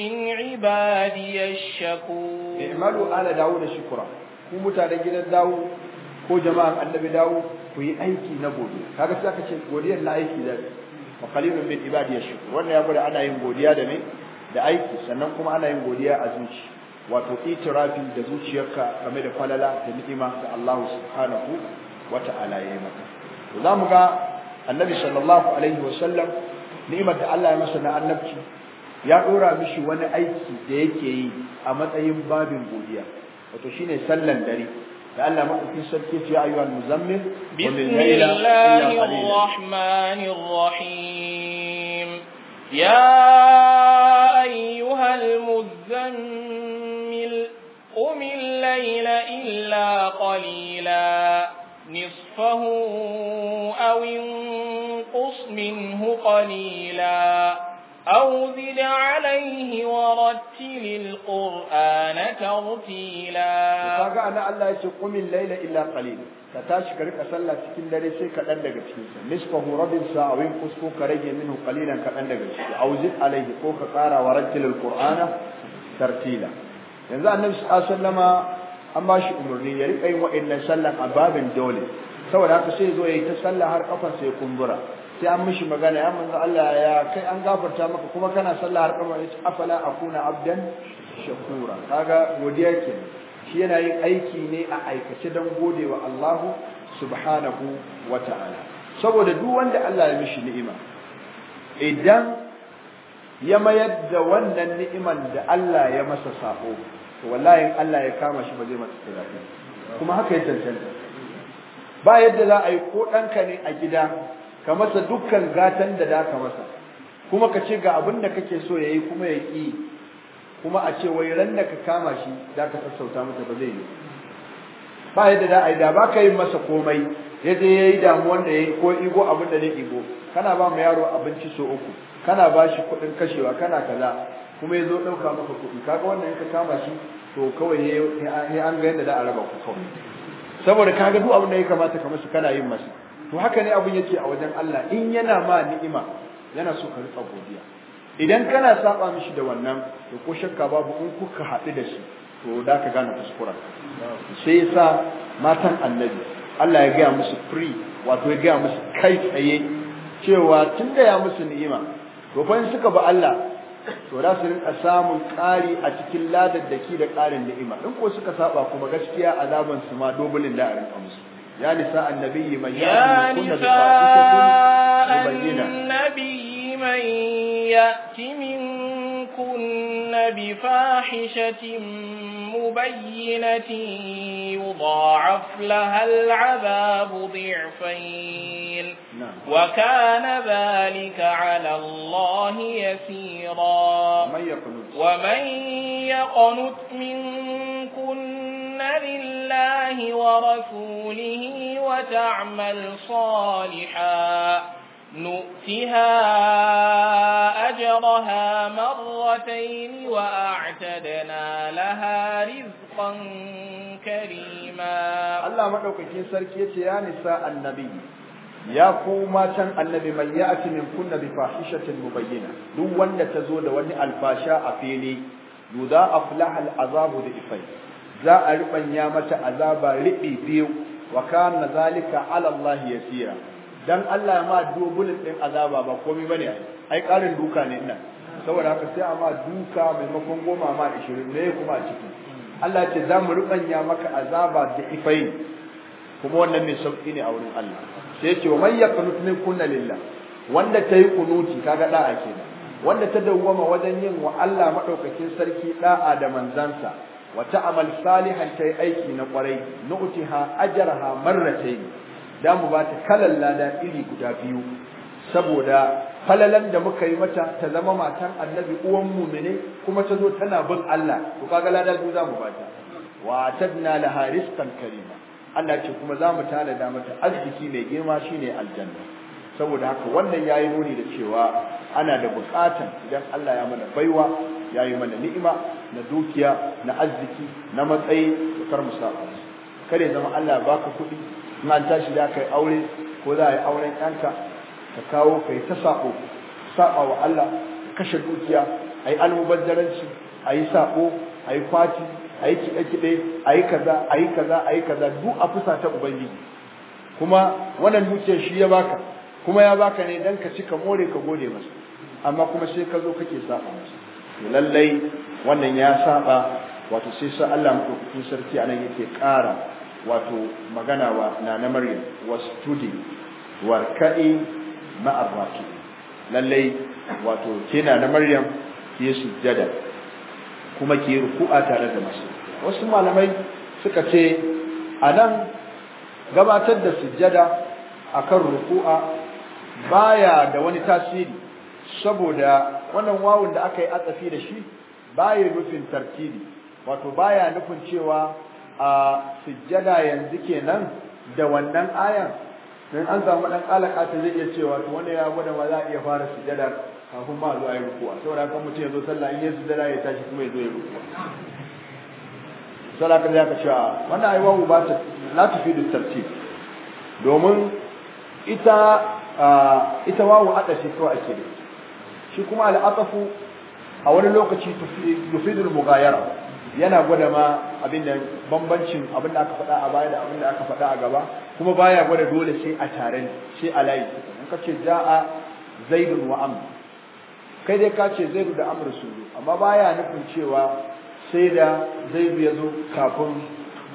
Speaker 2: من عبادي الشكور
Speaker 1: اعملوا على داود شكرا ku mutanen gidan dawo ko jama'an annabi dawo ku yi aiki na godiya kaga sai aka ce godiyar na aiki da wa qalilun min ibadiy shukr wannan ya gwada ana yin godiya da ne da aiki sannan kuma ana yin godiya a zuci wato itirafi da zuciyarka game da falala da ni'ima da Allah subhanahu wa ta'ala ya yi maka za mu ga annabi sallallahu ni'imar da Allah ya masa na annabci ya dora mishi wani aiki da yake yi a matsayin babin godiya wato shine sallan dare da Allah madaukakin sarki ce ayyuhal muzammil bismillahir
Speaker 2: rahmanir rahim ya ayyuhal muzammil qum al-layla illa qalila nisfahu aw منه قليلا kaga ana
Speaker 1: Allah yace kumin layla illa qalil ka tashi ka rika sallah cikin dare sai ka dan daga cikin sa nisfahu rabin sa awin kusko ka rage minhu qalilan ka dan daga cikin aw zid alaihi ko ka tsara wa rattil alqur'ana tartila yanzu annabi sallama an ba shi umarni ya rika yin wa'annan sallar a babin dole saboda haka sai zo yayi ta sallah har kafar sai kumbura sai an mishi magana ya manzo Allah ya kai an gafarta maka kuma kana sallah har ya ce afala akuna abdan shakura kaga godiya ke shi yana yin aiki ne a aikace dan godewa Allah subhanahu wata'ala saboda duk wanda Allah ya mishi ni'ima idan ya mayar da wannan ni'iman da Allah ya masa sako to wallahi Allah ya kama shi ba zai masa tsirafi kuma haka ya tantance ba yadda za a yi ko ɗanka ne a gida ka masa dukkan gatan da da ka masa kuma ka ce ga abin da kake so yayi kuma ya ƙi kuma a ce wai ran da ka kama shi da ka sassauta masa ba zai yi ba yadda da ai da ba ka yi masa komai ya je yayi damuwan da yayi ko igo abin da ne igo kana ba mu yaro abinci so uku kana ba shi kuɗin kashewa kana kaza kuma ya zo ɗauka maka kuɗi kaga wannan in ka kama shi to kawai ya an ga yadda da a raba ku kawai saboda kaga duk abin da ya kamata ka masa kana yin masa to haka ne abin yake a wajen Allah in yana ma ni'ima yana so ka rika godiya idan kana saba mishi da wannan to ko shakka babu in kuka haɗu da shi to da ka gane kuskuren sai yasa matan annabi Allah ya gaya musu free wato ya gaya musu kai tsaye cewa tun da ya musu ni'ima to fa in suka ba Allah to da su rinka samun ƙari a cikin ladaddaki da ƙarin ni'ima in ko suka saba kuma gaskiya azaban su ma dobulin da a rinka musu يا نساء
Speaker 2: النبي من يأتي منكن بفاحشة مبينة يأت منكن بفاحشة مبينة يضاعف لها العذاب ضعفين نعم. وكان ذلك على الله يسيرا ومن يقنت منكن بالله ورسوله وتعمل صالحا نؤتها أجرها مرتين وأعتدنا لها رزقا كريما الله
Speaker 1: مدوكين سركي يا نساء النبي يا كوماتن النبي من يأتي من كن بفاحشة مبينة دو وند تزود ون الفاشاء فيني يضاعف لها العذاب ضعفين za a ribanya mata azaba ribi biyu wa kana zalika ala Allah yasira dan Allah ma dubulin din azaba ba komai bane ai karin duka ne ina saboda haka sai a ma duka maimakon goma ma 20 ne kuma a ciki Allah ce za mu ribanya maka azaba da ifai kuma wannan mai sauki ne a wurin Allah sai ce wa man yaqnut min kunna lillah wanda tayi kunuti kaga da'a kenan wanda ta dawwama wajen yin wa Allah madaukakin sarki da'a da manzansa wata amal salihan tayi aiki na kwarai nu'tiha ajraha marratayn da mu ba ta kalan lada iri guda biyu saboda falalan da muka yi mata ta zama matan annabi uwan mumini kuma ta zo tana bin Allah to kaga lada biyu za mu ba ta wa tadna laha rizqan karima Allah ce kuma za mu tanada mata arziki mai girma shine aljanna saboda haka wannan yayi nuni da cewa ana da bukatan idan Allah ya mana baiwa ya yi mana ni'ima na dukiya na arziki na matsayi da kar mu saba zama Allah ya baka kuɗi in an tashi da kai aure ko za a yi auren yanka ka kawo kai ta sako saba wa Allah kashe dukiya ayi almubazzaranci ayi sako ayi kwati yi kiɗe-kiɗe yi kaza yi kaza yi kaza duk a fusa ta ubangiji kuma wannan dukiyar shi ya baka kuma ya baka ne dan ka ci ka more ka gode masa amma kuma sai ka zo kake saba masa to lallai wannan ya saba wato sai sa Allah madaukakin sarki anan yake ƙara wato magana wa nana Maryam wasjudi warka'i ma'ar lallai wato kina na Maryam ke sujjada kuma ki ruku'a tare da masu wasu malamai suka ce anan gabatar da sujjada akan ruku'a baya da wani tasiri saboda wannan wawun da aka yi atsafi da shi baya nufin tartibi wato baya nufin cewa a sujjada yanzu kenan da wannan ayan dan an samu dan alaka ta zai iya cewa to wanda ya gwada ma za a iya fara sujjada kafin ma zuwa ayi rukuwa saboda kan mutum ya zo sallah in ya sujjada ya tashi kuma ya zo ya rukuwa sai aka ya ka cewa wannan ayi wawu ba ta la da tartib domin ita ita wawu adashi kawai ake da shi kuma al'atafu a wani lokaci tufidul mugayara yana gwada ma abin da bambancin abin da aka faɗa a baya da abin da aka faɗa a gaba kuma baya gwada dole sai a tare sai a layi in ka ce ja'a zaidun wa amr kai dai ka ce zaidu da amr su amma baya nufin cewa sai da zaidu ya zo kafin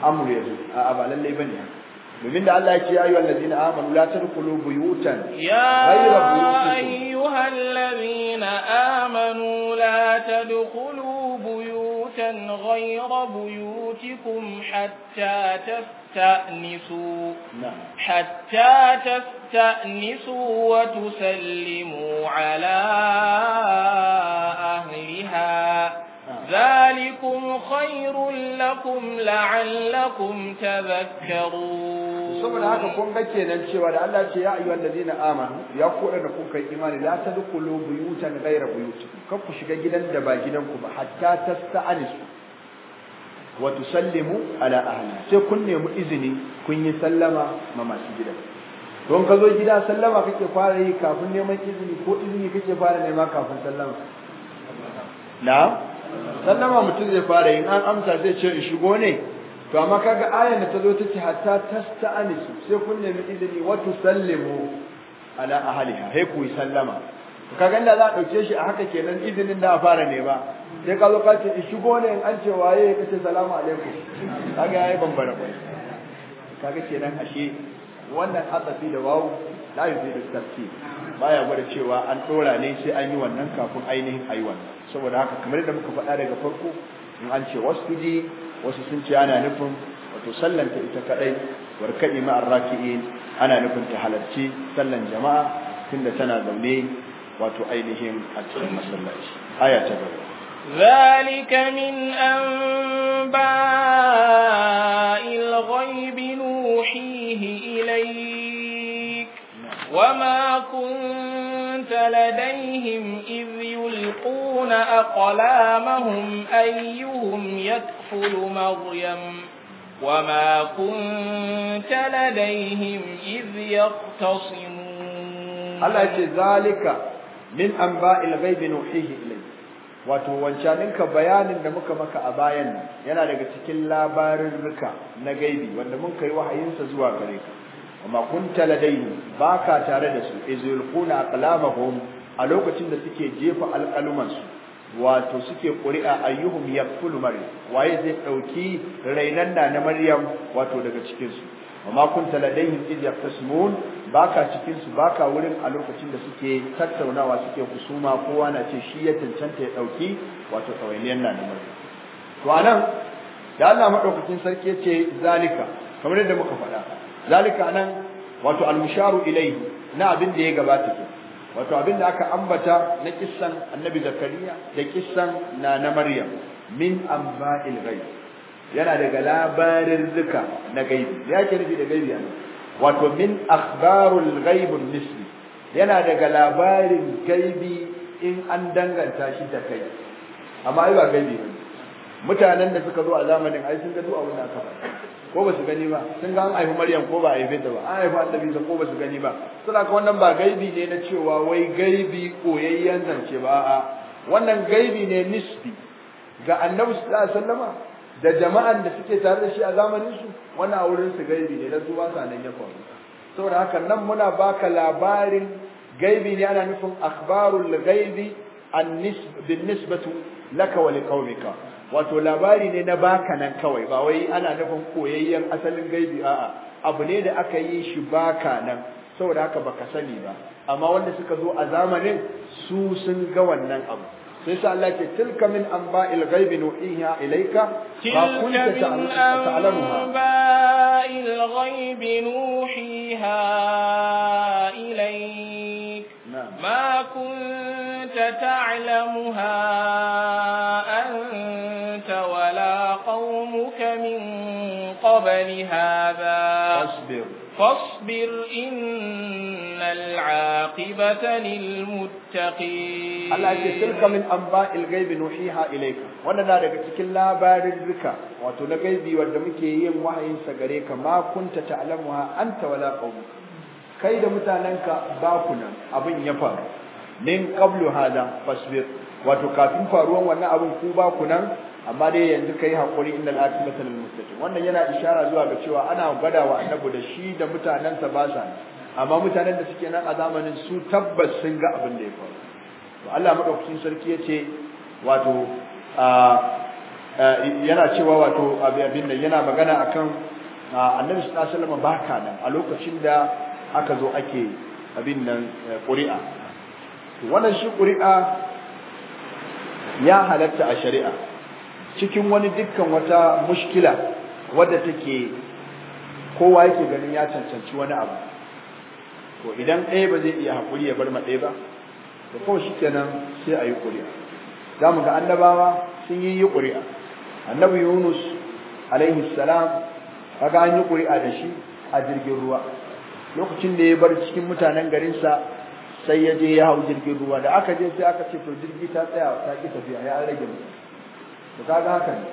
Speaker 1: amr ya zo a'a ba lallai bane haka domin da Allah ya ce ayyuhal ladina amanu la tadkhulu buyutan ghayra buyutikum ya
Speaker 2: ayyuhal ladina amanu la tadkhulu buyutan ghayra buyutikum hatta tastanisu hatta tastanisu wa tusallimu ala ahliha ذلكم خير لكم لعلكم تذكرون saboda haka
Speaker 1: kun ga kenan cewa da Allah ce ya ayu allazina amanu ya koda da kuka imani la tadkhulu buyutan ghayra buyutikum kan ku shiga gidan da ba gidan ku ba hatta tasta'anisu wa tusallimu ala ahliha sai kun nemi izini kun yi sallama ma masu gidan don ka zo gida sallama kake fara yi kafin neman izini ko izini kake fara nema kafin sallama na sallama mutum zai fara yin an amsa zai ce in shigo ne to amma kaga ayan da ta zo ta ce hatta anisu, sai kun nemi izini wa tusallimu ala ahliha sai ku yi sallama kaga inda za a dauke shi a haka kenan izinin da a fara ne ba sai ka zo ka ce in shigo ne in an ce waye ka ce salamu alaikum kaga yayi bambara kwai kaga kenan ashe wannan hatsafi da wawu la yuzidu tafsir baya gwada cewa an dora ne sai an yi wannan kafin ainihin ayi wannan saboda haka kamar da muka faɗa daga farko in an ce wasfiji wasu sun ce ana nufin wato sallanta ita kaɗai warka'i ma'ar raki'in ana nufin ta halarci sallan jama'a tunda tana zaune wato ainihin a cikin masallaci aya ta gaba
Speaker 2: ذلك من أنباء الغيب نوحيه إليك وما كنت ليس لديهم إذ يلقون أقلامهم أيهم يكفل مريم وما كنت لديهم إذ يختصمون
Speaker 1: هل ذلك من أنباء الغيب نوحيه إليه wato wancaninka bayanin da muka maka a bayan yana daga cikin labarin ruka na gaibi wanda mun kai wahayinsa zuwa gare ka amma kunta ladaini baka tare da su izulquna aqlamahum a lokacin da suke jefa alqaluman su wato suke ƙuri'a ayyuhum yaqulu maryam waye zai dauki rainan da na maryam wato daga cikin su amma kunta ladaihim id yaqtasmun baka cikin su baka wurin a lokacin da suke tattaunawa suke kusuma kowa na ce shi ya tantance ya dauki wato tsawainiyan nan na maryam to anan da Allah madaukakin sarki yace zalika kamar yadda muka faɗa zalika anan wato al-musharu na abin da ya gabata ke wato abin da aka ambata na kissan annabi zakariya da kissan na na maryam min amba'il ghaib yana daga labarin zuka na gaibi ya ke nufi da gaibi anan wato min akhbarul ghaib nisbi yana daga labarin gaibi in an danganta shi da kai amma ai ba gaibi mutanen da suka zo a zamanin ai sun ga du'a wannan kafa ko ba su gani ba sun ga an haifi maryam ko ba a haife ta ba an haifi annabi ko ba su gani ba suna ka wannan ba gaibi ne na cewa wai gaibi koyayyen zance ba a'a wannan gaibi ne nisbi ga annabi sallallahu alaihi wasallama da jama'an da suke tare da shi a zamanin su wannan wurin su gaibi ne da su ba sa nan ya faru saboda haka nan muna baka labarin gaibi ne ana nufin akhbarul gaibi an bin nisbatu laka wa liqaumika wato labari ne na baka nan kawai ba wai ana nufin koyayyen asalin gaibi a'a abu ne da aka yi shi baka nan saboda haka baka sani ba amma wanda suka zo a zamanin su sun ga wannan abu sai sa Allah ke tilka min anba'il ghaibi nuhiha ilayka ma kunta ta'lamuha
Speaker 2: anba'il ghaibi nuhiha ilayka ma kunta ta'lamuha قبل هذا فاصبر فاصبر إن العاقبة للمتقين الله تلك من
Speaker 1: أنباء الغيب نوحيها إليك وانا نارك تكلا بارزك وتنقذي ودمكي وحي سقريك ما كنت تعلمها أنت ولا قومك kai da mutanenka ba ku nan abin ya faru min qablu hada fasbir wato kafin faruwan wannan abin ku ba ku nan amma dai yanzu kai hakuri innal al'adun lil muttaqin wannan yana ishara zuwa ga cewa ana gwada wa annabi da shi da sa ba sa amma mutanen da suke nan a zamanin su tabbas sun ga abin da ya faru to Allah madaukakin sarki yace wato yana cewa wato abin nan yana magana akan annabi sallallahu alaihi wasallam baka nan a lokacin da aka zo ake abin nan eh, ƙuri'a wannan shi ƙuri'a ya halatta a shari'a cikin wani dukkan wata mushkila wadda take kowa yake ganin ya cancanci wani abu to idan ɗaya ba zai iya haƙuri ya bar ma ɗaya ba to kawai shi kenan sai a yi ƙuri'a za mu ga annabawa sun yi yi ƙuri'a annabi yunus alaihi salam ga an yi ƙuri'a da shi a jirgin ruwa lokacin da ya bar cikin mutanen garinsa sai ya je ya hau jirgin ruwa da aka je sai aka ce to jirgi ta tsaya ta ki tafiya ya rage mu. to kaga haka ne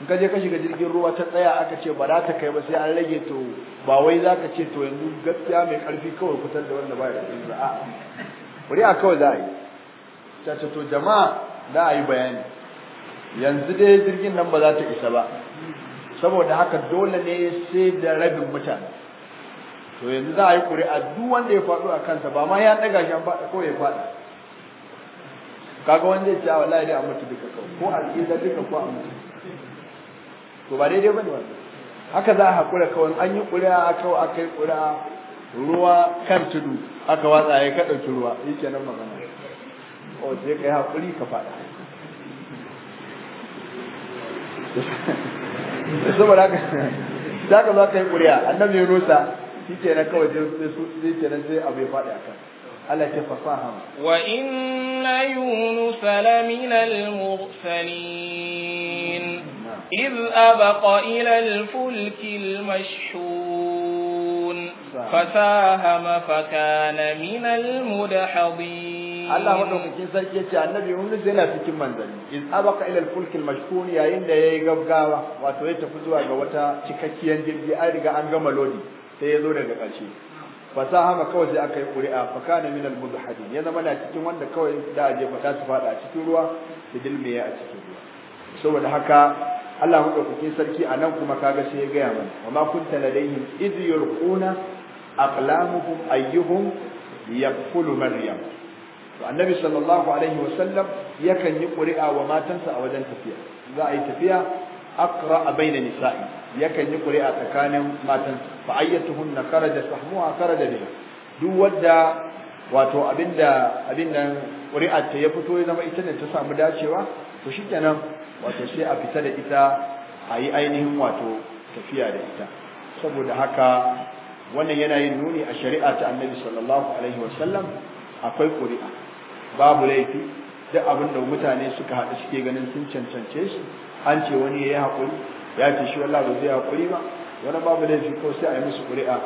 Speaker 1: in ka je ka shiga jirgin ruwa ta tsaya aka ce ba za ta kai ba sai an rage to ba wai za ka ce to yanzu gaskiya mai ƙarfi kawai kutar da wanda ba da ƙarfi ba a'a wuri a kawai za a yi ta ce to jama'a za a yi bayani yanzu dai jirgin nan ba za ta isa ba saboda haka dole ne sai da rabin mutane to yanzu za a yi ƙuri'a duk wanda ya faɗo a kansa ba ma ya ɗaga shi an faɗa kawai ya faɗa kaga wani zai ce ah, wallahi dai a mutu duka ko alƙida duka ko a mutu to ba daidai ba ne wanda haka za a haƙura kawai an yi ƙuri'a kawai aka yi ƙuri'a ruwa kan tudu aka watsa ya ka ɗauki ruwa yake nan magana o sai kai haƙuri ka faɗa saboda haka za ka zo ka yi ƙuri'a annabi ya rusa shi nan kawai zai sai abu ya faɗi a kan Allah ce fasaham
Speaker 2: wa inna yunus lamina al-mursalin إذ أبق إلى الفلك المشحون فساهم فكان من المدحضين
Speaker 1: الله مدوكين sarki yace annabi Yunus yana cikin manzanni iz abaqa ila al-fulk yayin da ya yayi gaggawa wato ya tafi zuwa ga wata cikakkiyar jirgi an riga an gama lodi sai ya zo daga karshe. fasaha kawai sai aka yi ƙuri'a fa kana min al mudhadin ya zama na cikin wanda kawai da aje fata su fada a cikin ruwa da dilme ya a cikin ruwa saboda haka Allah madaukakin sarki a nan kuma kaga sai ya gaya mana wa ma kunta ladaihim id yulquna aqlamuhum ayyuhum yaqulu maryam to annabi sallallahu alaihi wasallam yakan yi ƙuri'a wa matansa a wajen tafiya za a yi tafiya bai da nisa'i yakan yi ƙuri'a tsakanin matan fa ayyatuhunna kharaja sahmuha kharaja biha duk wanda wato abin nan ƙuri'a ta ya fito ya zama ita ne ta samu dacewa to shikenan wato sai a fita da ita a yi ainihin wato tafiya da ita saboda haka wannan yana yin nuni a shari'a ta annabi sallallahu alaihi wasallam akwai ƙuri'a babu laifi duk abin da mutane suka haɗu suke ganin sun cancance shi an ce wani ya yi haƙuri ya ce shi wallah ba zai haƙuri ba wani babu laifi ko sai a yi musu ƙuri'a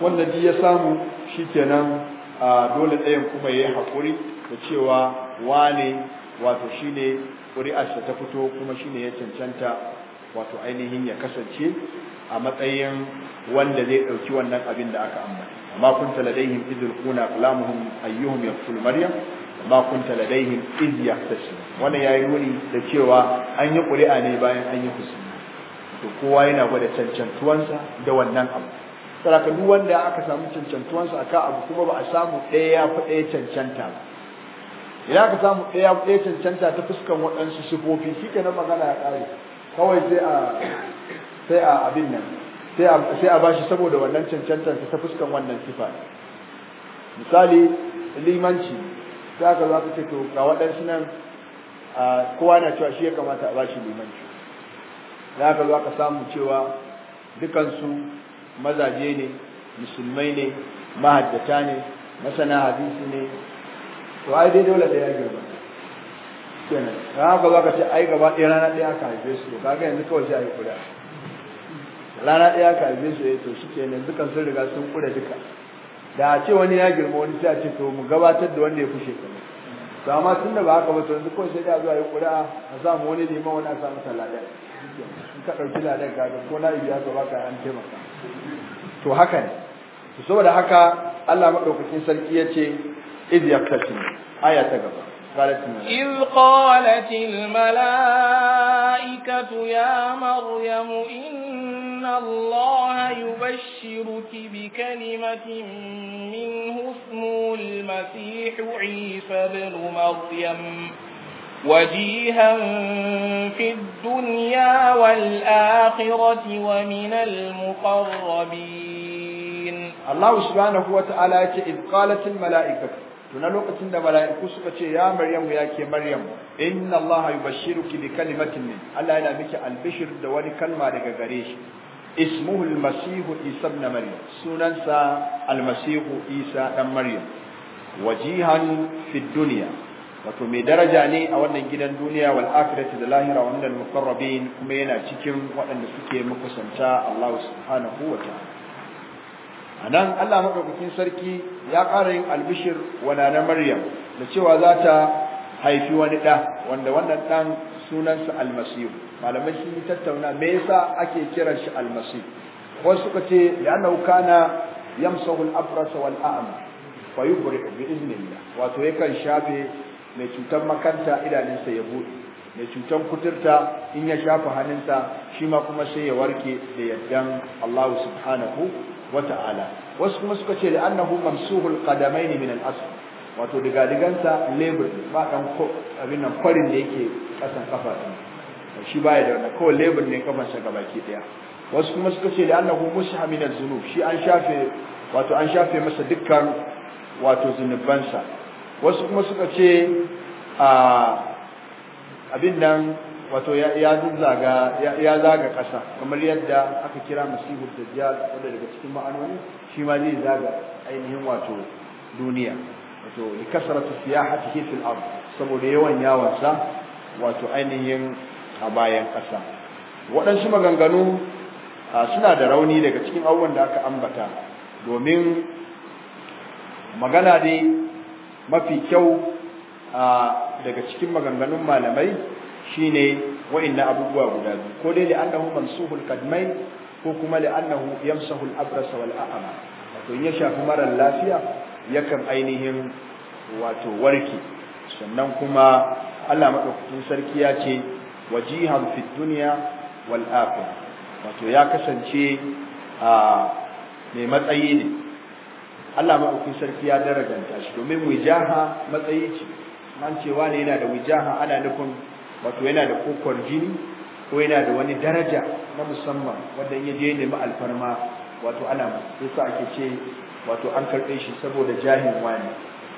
Speaker 1: wanda duk ya samu shi kenan dole ɗayan kuma ya yi haƙuri da cewa wane wato shi ne ƙuri'arsa ta fito kuma shi ne ya cancanta wato ainihin ya kasance a matsayin wanda zai ɗauki wannan abin da aka ambata amma kun taladaihim idul kuna qalamuhum ayyuhum yaqtul maryam ma kunta ladaihim iz yahtasib wannan yayi nuni da cewa an yi ƙuri'a ne bayan an yi husuma to kowa yana gwada cancantuwansa da wannan abu saraka duk wanda aka samu cancantuwansa akan abu kuma ba a samu ɗaya ya fi ɗaya cancanta ba idan aka samu ɗaya ya fi ɗaya cancanta ta fuskan waɗansu sifofi shi na magana ya ƙare kawai sai a sai a abin nan sai a bashi saboda wannan cancantar ta fuskan wannan sifa misali limanci sai aka zo ce to ga waɗansu nan kowa na cewa shi ya kamata a ba shi limanci da aka zo aka samu cewa dukansu mazaje ne musulmai ne mahaddata ne masana hadisi ne to ai dai dole da ya girma kenan ran ka zo ka ce ai gaba ɗaya rana ɗaya ka haife su ka ga yanzu kawai sai a yi kuri'a rana ɗaya ka haife su ya eh, to shi kenan dukan sun riga sun kura duka da a ce wani ya girma wani sai a ce to mu gabatar da wanda ya fi shekaru to amma tun da ba haka ba to yanzu kawai sai da zuwa yi ƙuri'a a samu wani neman wani a samu talada in ka ɗauki ladan ka ga ko na biya ya ba ka an taimaka to haka ne to saboda haka Allah maɗaukakin sarki ya ce iz yaqtasim aya ta gaba إذ
Speaker 2: قالت الملائكة يا مريم إن الله يبشرك بكلمة منه اسمه المسيح عيسى بن مريم وجيها في الدنيا والآخرة ومن المقربين
Speaker 1: الله سبحانه وتعالى إذ قالت الملائكة to na lokacin da mala'iku suka ce ya maryamu ya ke maryamu inna allaha yubashshiruki bi kalimatin min Allah yana miki albishir da wani kalma daga gare shi ismuhu almasihu isa ibn maryam sunansa almasihu isa dan maryam wajihan fi dunya wato mai daraja ne a wannan gidan duniya wal akhirati da lahira wa minal muqarrabin kuma yana cikin waɗanda suke makusanta Allah subhanahu wa ta'ala anan Allah madaukakin sarki ya ƙara yin albishir wa na Maryam da cewa za ta haifi wani ɗa wanda wannan ɗan sunansa almasihu malamai sun yi tattauna me yasa ake kiran shi almasihu wasu suka ce ya nauka na yamsahu al-abras wal a'ma fa yubri bi iznillah wato yakan shafe mai cutar makanta idanunsa ya buɗe mai cutar kuturta in ya shafa hannunsa shi ma kuma sai ya warke da yaddan Allah subhanahu wa ta'ala wasu kuma suka ce la'annahu mamsuhul qadamain min al-asl wato diga digansa labor ba dan abin nan farin da yake kasan kafa din shi baya da wannan kawai labor ne kamar sa gabaki daya wasu kuma suka ce la'annahu musha min az-zunub shi an shafe wato an shafe masa dukkan wato zunubansa wasu kuma suka ce a ah, abin nan wato ya ya zaga ƙasa kamar yadda aka kira masihu dajjal wanda daga cikin ma'anoni shi ma zai zaga ainihin wato duniya wato li kasratu siyahatihi fil ard saboda yawan yawon sa wato ainihin a bayan kasa waɗansu maganganu suna da rauni daga cikin abubuwan da aka ambata domin magana dai mafi kyau daga cikin maganganun malamai shine wa'inna abubuwa guda biyu ko dai li'annahu mansuhul kadmai ko kuma li'annahu yamsahul abras wal a'ma wato in ya shafi marar lafiya yakan ainihin wato warke sannan kuma Allah madaukakin sarki ya ce wajihan fid dunya wal akhirah wato ya kasance a mai matsayi ne Allah maɗaukin sarki ya darajanta shi domin wijaha matsayi ce man cewa ne yana da wijaha ana nufin wato yana da kokon jini ko yana da wani daraja na musamman wanda ya je nemi alfarma wato ana yasa ake ce wato an karɓe shi saboda jahin wani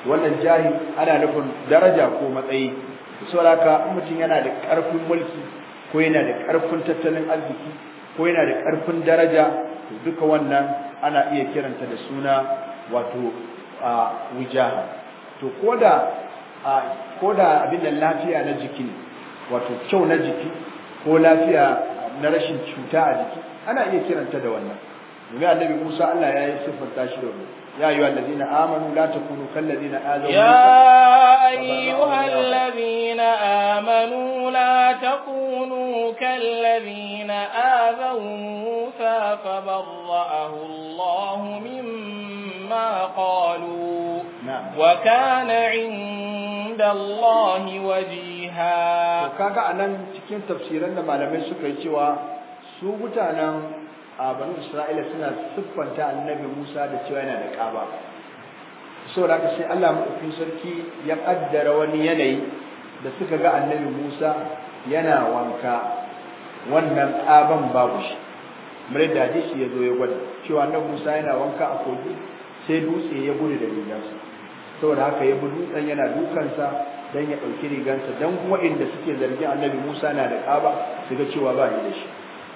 Speaker 1: wannan jahi ana nufin daraja ko matsayi saboda in mutum yana da ƙarfin mulki ko yana da ƙarfin tattalin arziki ko yana da ƙarfin daraja to duka wannan ana iya kiranta da suna wato a wujaha to koda koda abin da lafiya na jiki ne wato kyau na jiki ko lafiya na rashin cuta a jiki ana iya kiranta da wannan domin annabi Musa Allah ya yi siffanta shi da wannan يا أيها الذين آمنوا لا تكونوا كالذين آذوا يا أيها الذين
Speaker 2: آمنوا لا تكونوا كالذين آذوا موسى فبرأه الله مما قالوا نعم. وكان عند الله وجيها ha kaga anan cikin tafsiran da malamai suka yi cewa
Speaker 1: su mutanen abin Isra'ila suna siffanta annabi Musa da cewa yana da ƙaba saboda haka sai Allah madaukakin sarki ya kaddara wani yanayi da suka ga annabi Musa yana wanka wannan ƙaban babu shi mare da hadisi ya zo ya gwada cewa annabi Musa yana wanka a kogi sai dutse ya gudu da rigarsa saboda haka ya bi dutsen yana dukansa dan ya ɗauki rigansa dan waɗanda suke zargi annabi Musa na da ƙaba su ga cewa ba ni da shi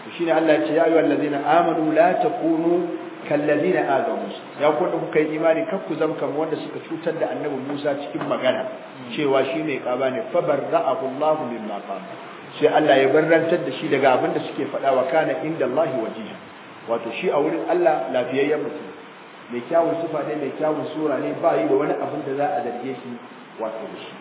Speaker 1: to shine Allah ya ce ya ayyuhal ladina amanu la takunu kal ladina Musa ya ku da kuka yi imani kar ku zama kamar wanda suka cutar da annabi Musa cikin magana cewa shi mai ƙaba ne fa barra'ahu Allah mimma qala sai Allah ya barrantar da shi daga abin da suke faɗa wa kana inda Allah wajiha wato shi a wurin Allah lafiyayyen mutum mai kyawun sufa ne mai kyawun sura ne ba yi da wani abin da za a zarge shi wato da shi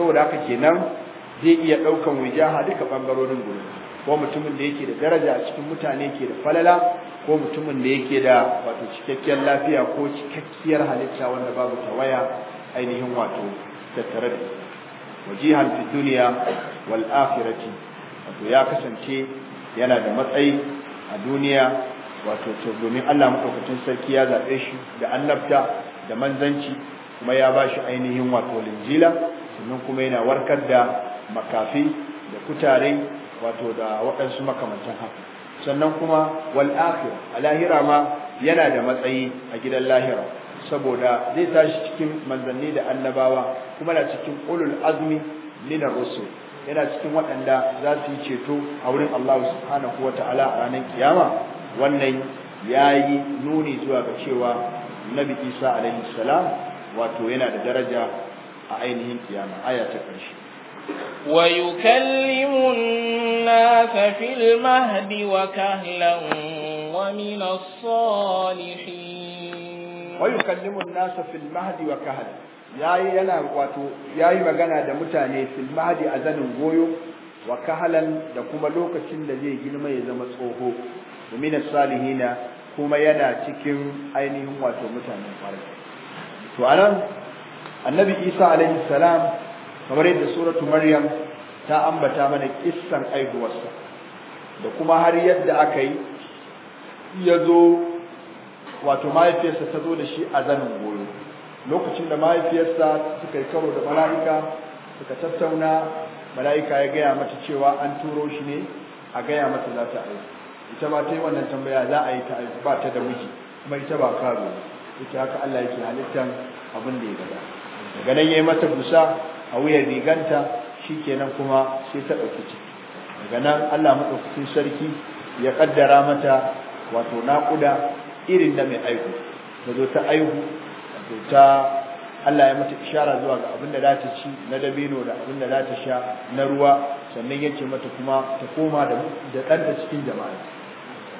Speaker 1: saboda haka kenan zai iya ɗaukan wajaha duka bangarorin gurin ko mutumin da yake da daraja a cikin mutane ke da falala ko mutumin da yake da wato cikakkiyar lafiya ko cikakkiyar halitta wanda babu tawaya ainihin wato tattare da wajihan fi duniya wal akhirati wato ya kasance yana da matsayi a duniya wato to domin Allah madaukakin sarki ya zabe shi da annabta da manzanci kuma ya ba shi ainihin wato linjila sannan kuma yana warkar da makafi da kutare wato da waɗansu makamantan haka sannan kuma wal akhir a lahira ma yana da matsayi a gidan lahira saboda zai tashi cikin manzanni da annabawa kuma na cikin ulul azmi lina rusul yana cikin waɗanda za su yi ceto a wurin Allah subhanahu Ta'ala a ranar kiyama wannan yayi nuni zuwa ga cewa Nabi Isa alaihi salam wato yana da daraja a ainihin kiyama aya
Speaker 2: ta ƙarshe wa yukallimu an-nas fil mahdi wa kahlan wa min as-salihin wa
Speaker 1: fil mahdi wa kahlan yayi yana wato yayi magana da mutane fil mahdi a zanin goyo wa kahlan da kuma lokacin da zai girma ya zama tsoho min as-salihina kuma yana cikin ainihin wato mutanen kwarai to anan annabi isa alaihi salam kamar yadda suratu maryam ta ambata mana kissan aihuwarsa da kuma har yadda aka yi ya zo wato mahaifiyarsa ta zo da shi a zanin goyo lokacin da mahaifiyarsa suka yi karo da mala'ika suka tattauna mala'ika ya gaya mata cewa an turo shi ne a gaya mata za ta aiki ita ba ta yi wannan tambaya za a yi ta aiki ba ta da miji kuma ita ba karo ita haka Allah yake halittan abin da ya gada daga nan yayi mata busa a wuyar riganta shikenan kuma sai ta dauki ciki daga nan Allah madaukakin sarki ya kaddara mata wato naƙuda irin da mai aihu ta zo ta aihu to ta Allah ya mata ishara zuwa ga abin za ta ci na dabino da abin za ta sha na ruwa sannan yace mata kuma ta koma da da ɗanta cikin jama'a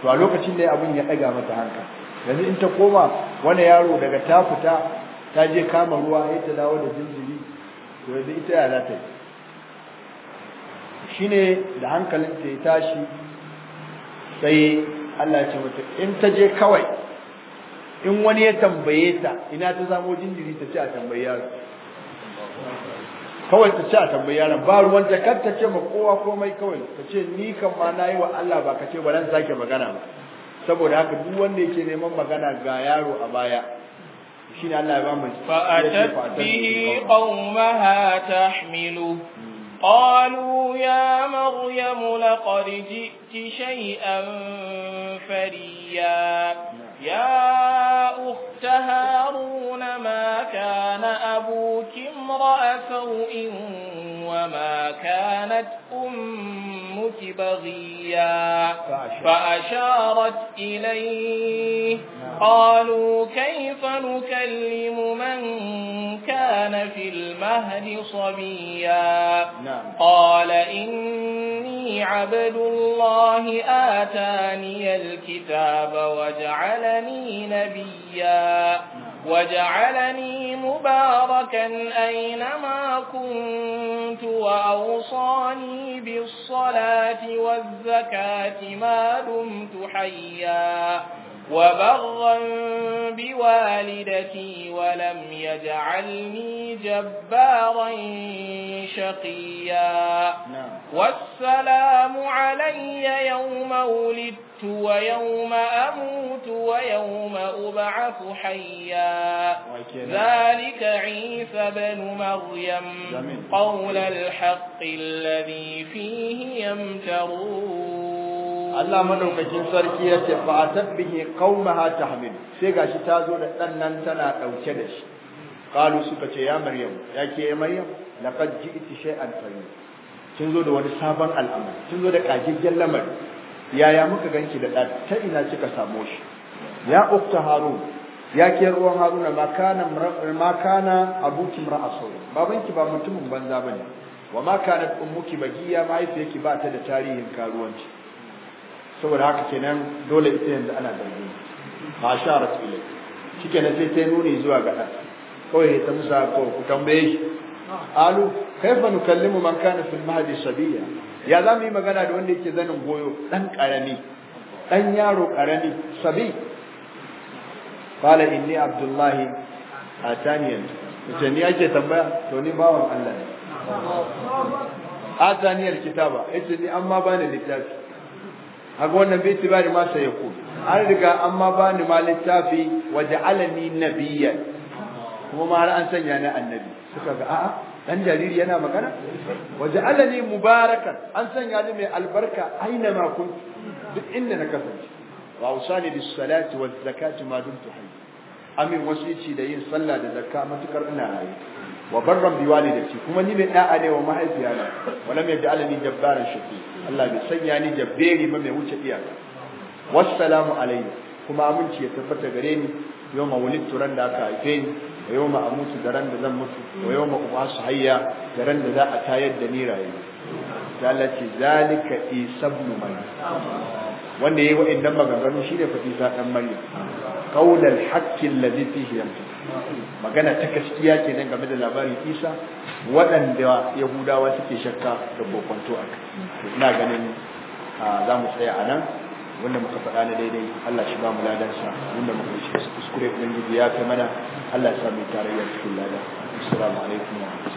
Speaker 1: to a lokacin da abin ya ɗaga mata hanka yanzu in ta koma wani yaro daga ta fita ta je kama ruwa ya ta dawo da jinjiri to yanzu ita ya za ta yi ne da hankalin ta ya tashi sai Allah ce mata in ta je kawai in wani ya tambaye ta ina ta zamo jinjiri ta ce a tambayi yaron
Speaker 2: kawai ta ce a tambayi yaron ba ruwan ta kar
Speaker 1: ta ce ma kowa komai kawai ta ce ni kan ma yi wa Allah ba ka ce ba zan sake magana ba saboda haka duk wanda yake neman magana ga yaro a baya فأتت به
Speaker 2: قومها تحمله قالوا يا مريم لقد جئت شيئا فريا يا أخت هارون ما كان أبوك امرأ سوء وما كانت أمك الموت بغيا فأشارت إليه قالوا كيف نكلم من كان في المهد صبيا نعم. قال إني عبد الله آتاني الكتاب وجعلني نبيا وجعلني مباركا أينما كنت وأوصاني بالصلاة والزكاة ما دمت حيا
Speaker 1: وبرا
Speaker 2: بوالدتي ولم يجعلني جبارا شقيا نعم والسلام علي يوم ولدت ويوم أموت ويوم أبعث حيا ذلك عيسى بن مريم قول الحق الذي فيه يمترون
Speaker 1: الله من روك جنسر كيرت فأتت به قومها تحمل سيقا شتازو لأنن تنا أو تدش قالوا سبت يا مريم يا كي يا مريم لقد جئت شيئا فريد kin zo da wani sabon al'amari kin zo da kajijjen lamar. yaya muka ganki da da ta ina kika samo shi ya ukta harun ya ke ruwan haruna ma kana ma kana abuki babanki ba mutumin banza bane wa ma kanat ummuki bagiya mahaifiyarki ba ta da tarihin karuwanci saboda haka kenan dole ita yanzu ana da ni ma sharat ilai shikenan sai ta nuni zuwa ga ɗan kawai ta musa ko ku tambaye shi alu kaifa nukallimu man kana fil mahdi sabiya ya za mu yi magana da wanda yake zanin goyo dan karami dan yaro karami sabi qala inni abdullahi atani yace ni ake tambaya to ni bawan Allah ne atani alkitaba yace ni amma bani littafi haka wannan bai tibari ma sai yako an riga amma bani ma littafi waje waja'alani nabiyyan kuma ma har an sanya ni annabi suka ga a'a dan jariri yana magana waja'alani mubarakan an sanya ni mai albarka aina ma kun duk inda na kasance wa ausani bis salati waz zakati ma dumtu hayy amin wasici da yin sallah da zakka matukar ina raye wa barran bi walidati kuma ni mai da'a ne wa mahaifiyana wa lam yaj'alani jabbaran shaqi Allah bai sanya ni jabberi ba mai wuce iyaka wassalamu alayhi kuma aminci ya tabbata gare ni yau mawulid turan da aka haife ni wa yau ma da ran da zan mutu wa yau ma uba su hayya da ran da za a tayar da ni raye zalace zalika isa ibn maryam wanda yayi wa'annan maganganu shine fa sa dan maryam qaulal haqqi alladhi fihi yamtu magana ta gaskiya kenan game da labarin isa waɗanda yahudawa suke shakka da bokonto aka ina ganin za mu tsaya a nan wanda muka faɗa na daidai Allah shi ba mu ladansa wanda muka shi kuskure ubangiji ya kai mana هلا سامي جاريه كل هذا السلام عليكم ورحمه الله